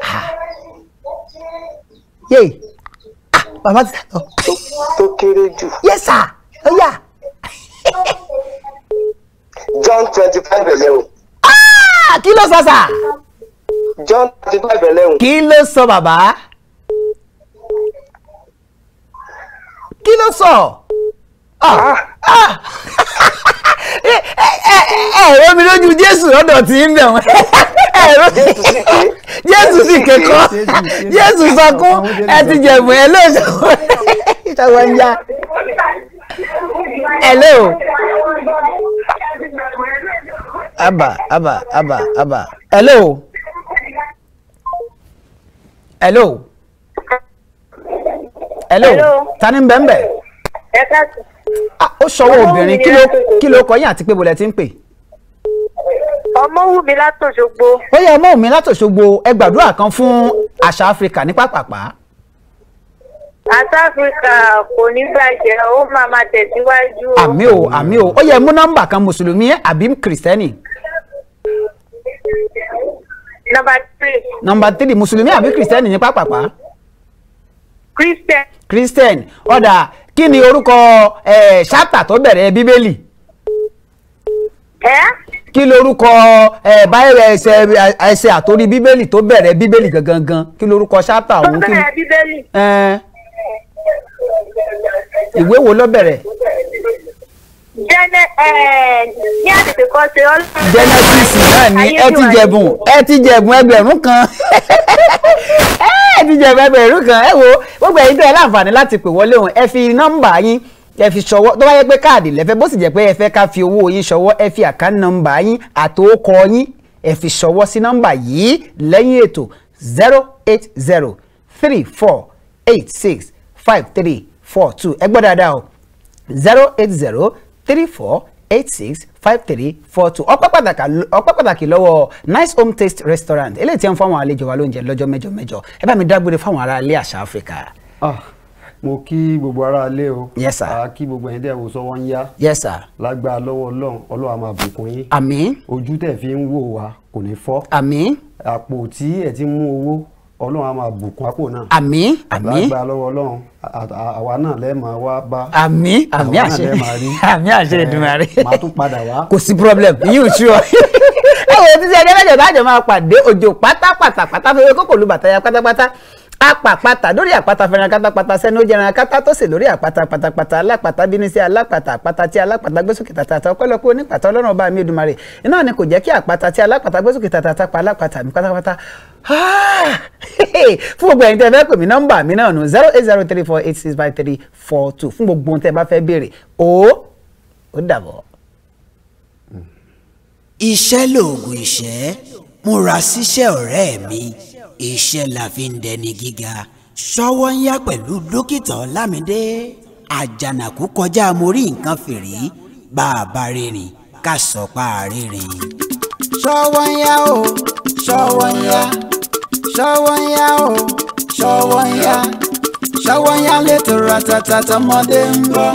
Ah. yéè bàbá ti tà lọ. tó kéré jù. yẹ́sà ó yà. John twenty five eleven. Ah, kí ló sọ sà? John twenty five eleven. Kí ló sọ bàbá? Kí ló sọ? Ẹ ẹ ẹ mi lójú Jésù lọ́dọ̀ tí ń bẹ̀ wọ́n. Eh, Jésù sì kẹ́kọ̀ọ́. Jésù sọkún ẹ ti jẹ̀bù ẹ lóṣù. Ìtàwọn ń ya hello. aba aba aba aba hello. hello. hello. ta ni bẹ́ẹ̀ bẹ́ẹ̀. ẹ káàsì. ó ṣọwọ́ obìnrin kí ló kọ yín àti pé bolẹ̀ ti ń pè. ọmọwùmí látòṣogbo. ó yẹ ọmọwùmí látòṣogbo ẹ gbàdúrà kan fún àṣà áfíríkà ní pàpàpà. africa kò ní bàjẹ́ ó àmì o àmì o ó yẹ mú nọ́mbà kan mùsùlùmí àbí kìrìsìtẹ́nì. nọmba tiri. nọmba tiri mùsùlùmí àbí kìrìsìtẹ́nì ní pápápá. Kristian; Kristian; ọ̀dà kí ni orúkọ ṣáptà tó bẹ̀rẹ̀ bíbélì. ẹ́ kí lorúkọ báyọ̀ ẹsẹ̀ àtórí bíbélì tó bẹ̀rẹ̀ gangan kí lorúkọ òun kí. tó bẹ̀rẹ̀ ìwé wo ló bẹ̀rẹ̀. Eh, genesis náà ni ẹ ti jẹ̀bùn ẹ ti jẹ̀bùn ẹgbẹ̀rún kan ẹ ti jẹ̀bùn ẹgbẹ̀rún kan ẹ wo gbogbo ẹ̀yin tó ẹ láǹfààní láti pè wọlé òun ẹ fi nọ́mbà yín ẹ fi ṣọwọ́ tó bá yẹ pé káàdì lẹ́fẹ́ bó sì jẹ́ pé ẹ fẹ́ ká fi owó yín ṣọwọ́ ẹ fi àká nọ́mbà yín àtòókọ yín ẹ fi ṣọwọ́ sí nọ́mbà yìí lẹ́yìn ètò zero eight zero three four eight six five three four two ẹ gbọ́ dáadáa o zero eight zero three four eight six five three four two ọpẹ́ pàtàkì ọpẹ́ pàtàkì lọ́wọ́ nice home taste restaurant eléyìí tí wọ́n fún àwọn àlejò wa lóúnjẹ lọ́jọ́ mẹ́jọ mẹ́jọ ẹ bá mi dágbére fáwọn ará ilé àṣà áfíríkà. Ah, mo kí gbogbo ará ilé o yes sir a kí gbogbo ẹ̀yin tẹ́ wò sọ́wọ́ ń yá yes sir lágbára lọ́wọ́ ọlọ́run ọlọ́run á máa bùkún yín àmín ojú tẹ́ fi ń wò wá kò ní fọ́ àpò tí ẹ ti mú owó ọlọ́run a máa bùkún àpò náà. àmín àmín àgbà lọ́wọ́ ọlọ́run àwa náà lẹ́ẹ̀ máa wá bá. àmín àmín àṣẹ àmín àṣẹ Èdùmàrè. màá tún padà wá. kò sí problem yóò ṣú ọ ẹ wo títí ẹni ẹlẹ́jọ̀ bá jọ máa pàdé òjò pátápátá pátá fún kókò lu bàtà ya pátápátá apàpàtà lórí àpáta fẹ́ràn kátàpátá sẹ́nu jẹran kátà tó sì lórí àpáta pátápátá alápàtà bínú sí alápàtà àpáta tí alápàtà gbésùkì tàtàtà ọpẹ́lọpẹ́ onípàtà ọlọ́run ọba mi Èdùmàrè iná ni kò jẹ́ kí àpáta tí alápàtà gbésùkì tàtàtà pa alápàtà mi pátápátá Ah! fún gbogbo ẹ̀yin tẹ́ fẹ́ pè mí nọ́mbà mi náà nù zero eight zero three four eight six five three four two fún gbogbo ohun tẹ́ bá fẹ́ béèrè ó ó dàbọ̀. iṣẹ́ lóògùn ìṣẹ́ múra síṣẹ́ ọ̀rẹ́ mi iṣẹ́ la fi ń dẹni gíga ṣọwọ́ ń yá pẹ̀lú dókítà Ọlámídé àjànàkú kọjá mo rí nǹkan fìrí bá a bá rìnrìn ká sọ pa ṣọwọ́ ń yá o ṣọwọ́ ń yá. Shawanya ṣọ́wọ́nyá o ṣọ́wọ́nyá ṣọ́wọ́nyá létò ratata tọmọdé ń bọ̀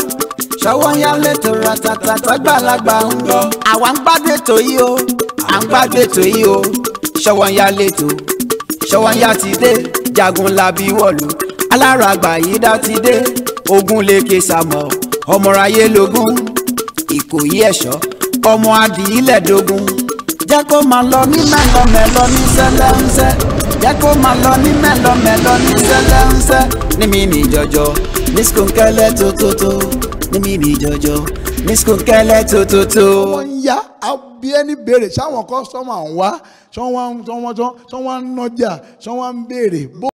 ṣọ́wọ́nyá létò ratata tọgbàlagbà ń bọ̀ àwa ń gbádùn ètò yìí o à ń gbádùn ètò yìí o ṣọ́wọ́nyá létò ṣọ́wọ́nyá ti dé Jagunlabi wọ̀lú alára àgbàyídá ti dé ogun lèkè sàmọ̀ ọmọráyé lógún ìkòyí ẹ̀ṣọ́ ọmọ adìyí lẹ̀dógún jẹ́ kó máa lọ ní mẹ́lọ́mẹ́lọ́ ní sẹ́lẹ̀ńsẹ́ jẹ́ kó máa lọ ní mẹ́lọmẹ́lọ ní sẹ́lẹ́ńsẹ́ ní mi ní jọjọ ní skunkẹ́lẹ́ tótótó ní mi ní jọjọ ní skunkẹ́lẹ́ tótótó. wọ́n ya bí ẹni béèrè sáwọn kọ́sọ́mà ń wá tí wọ́n wá ń nájà tí wọ́n wá ń béèrè.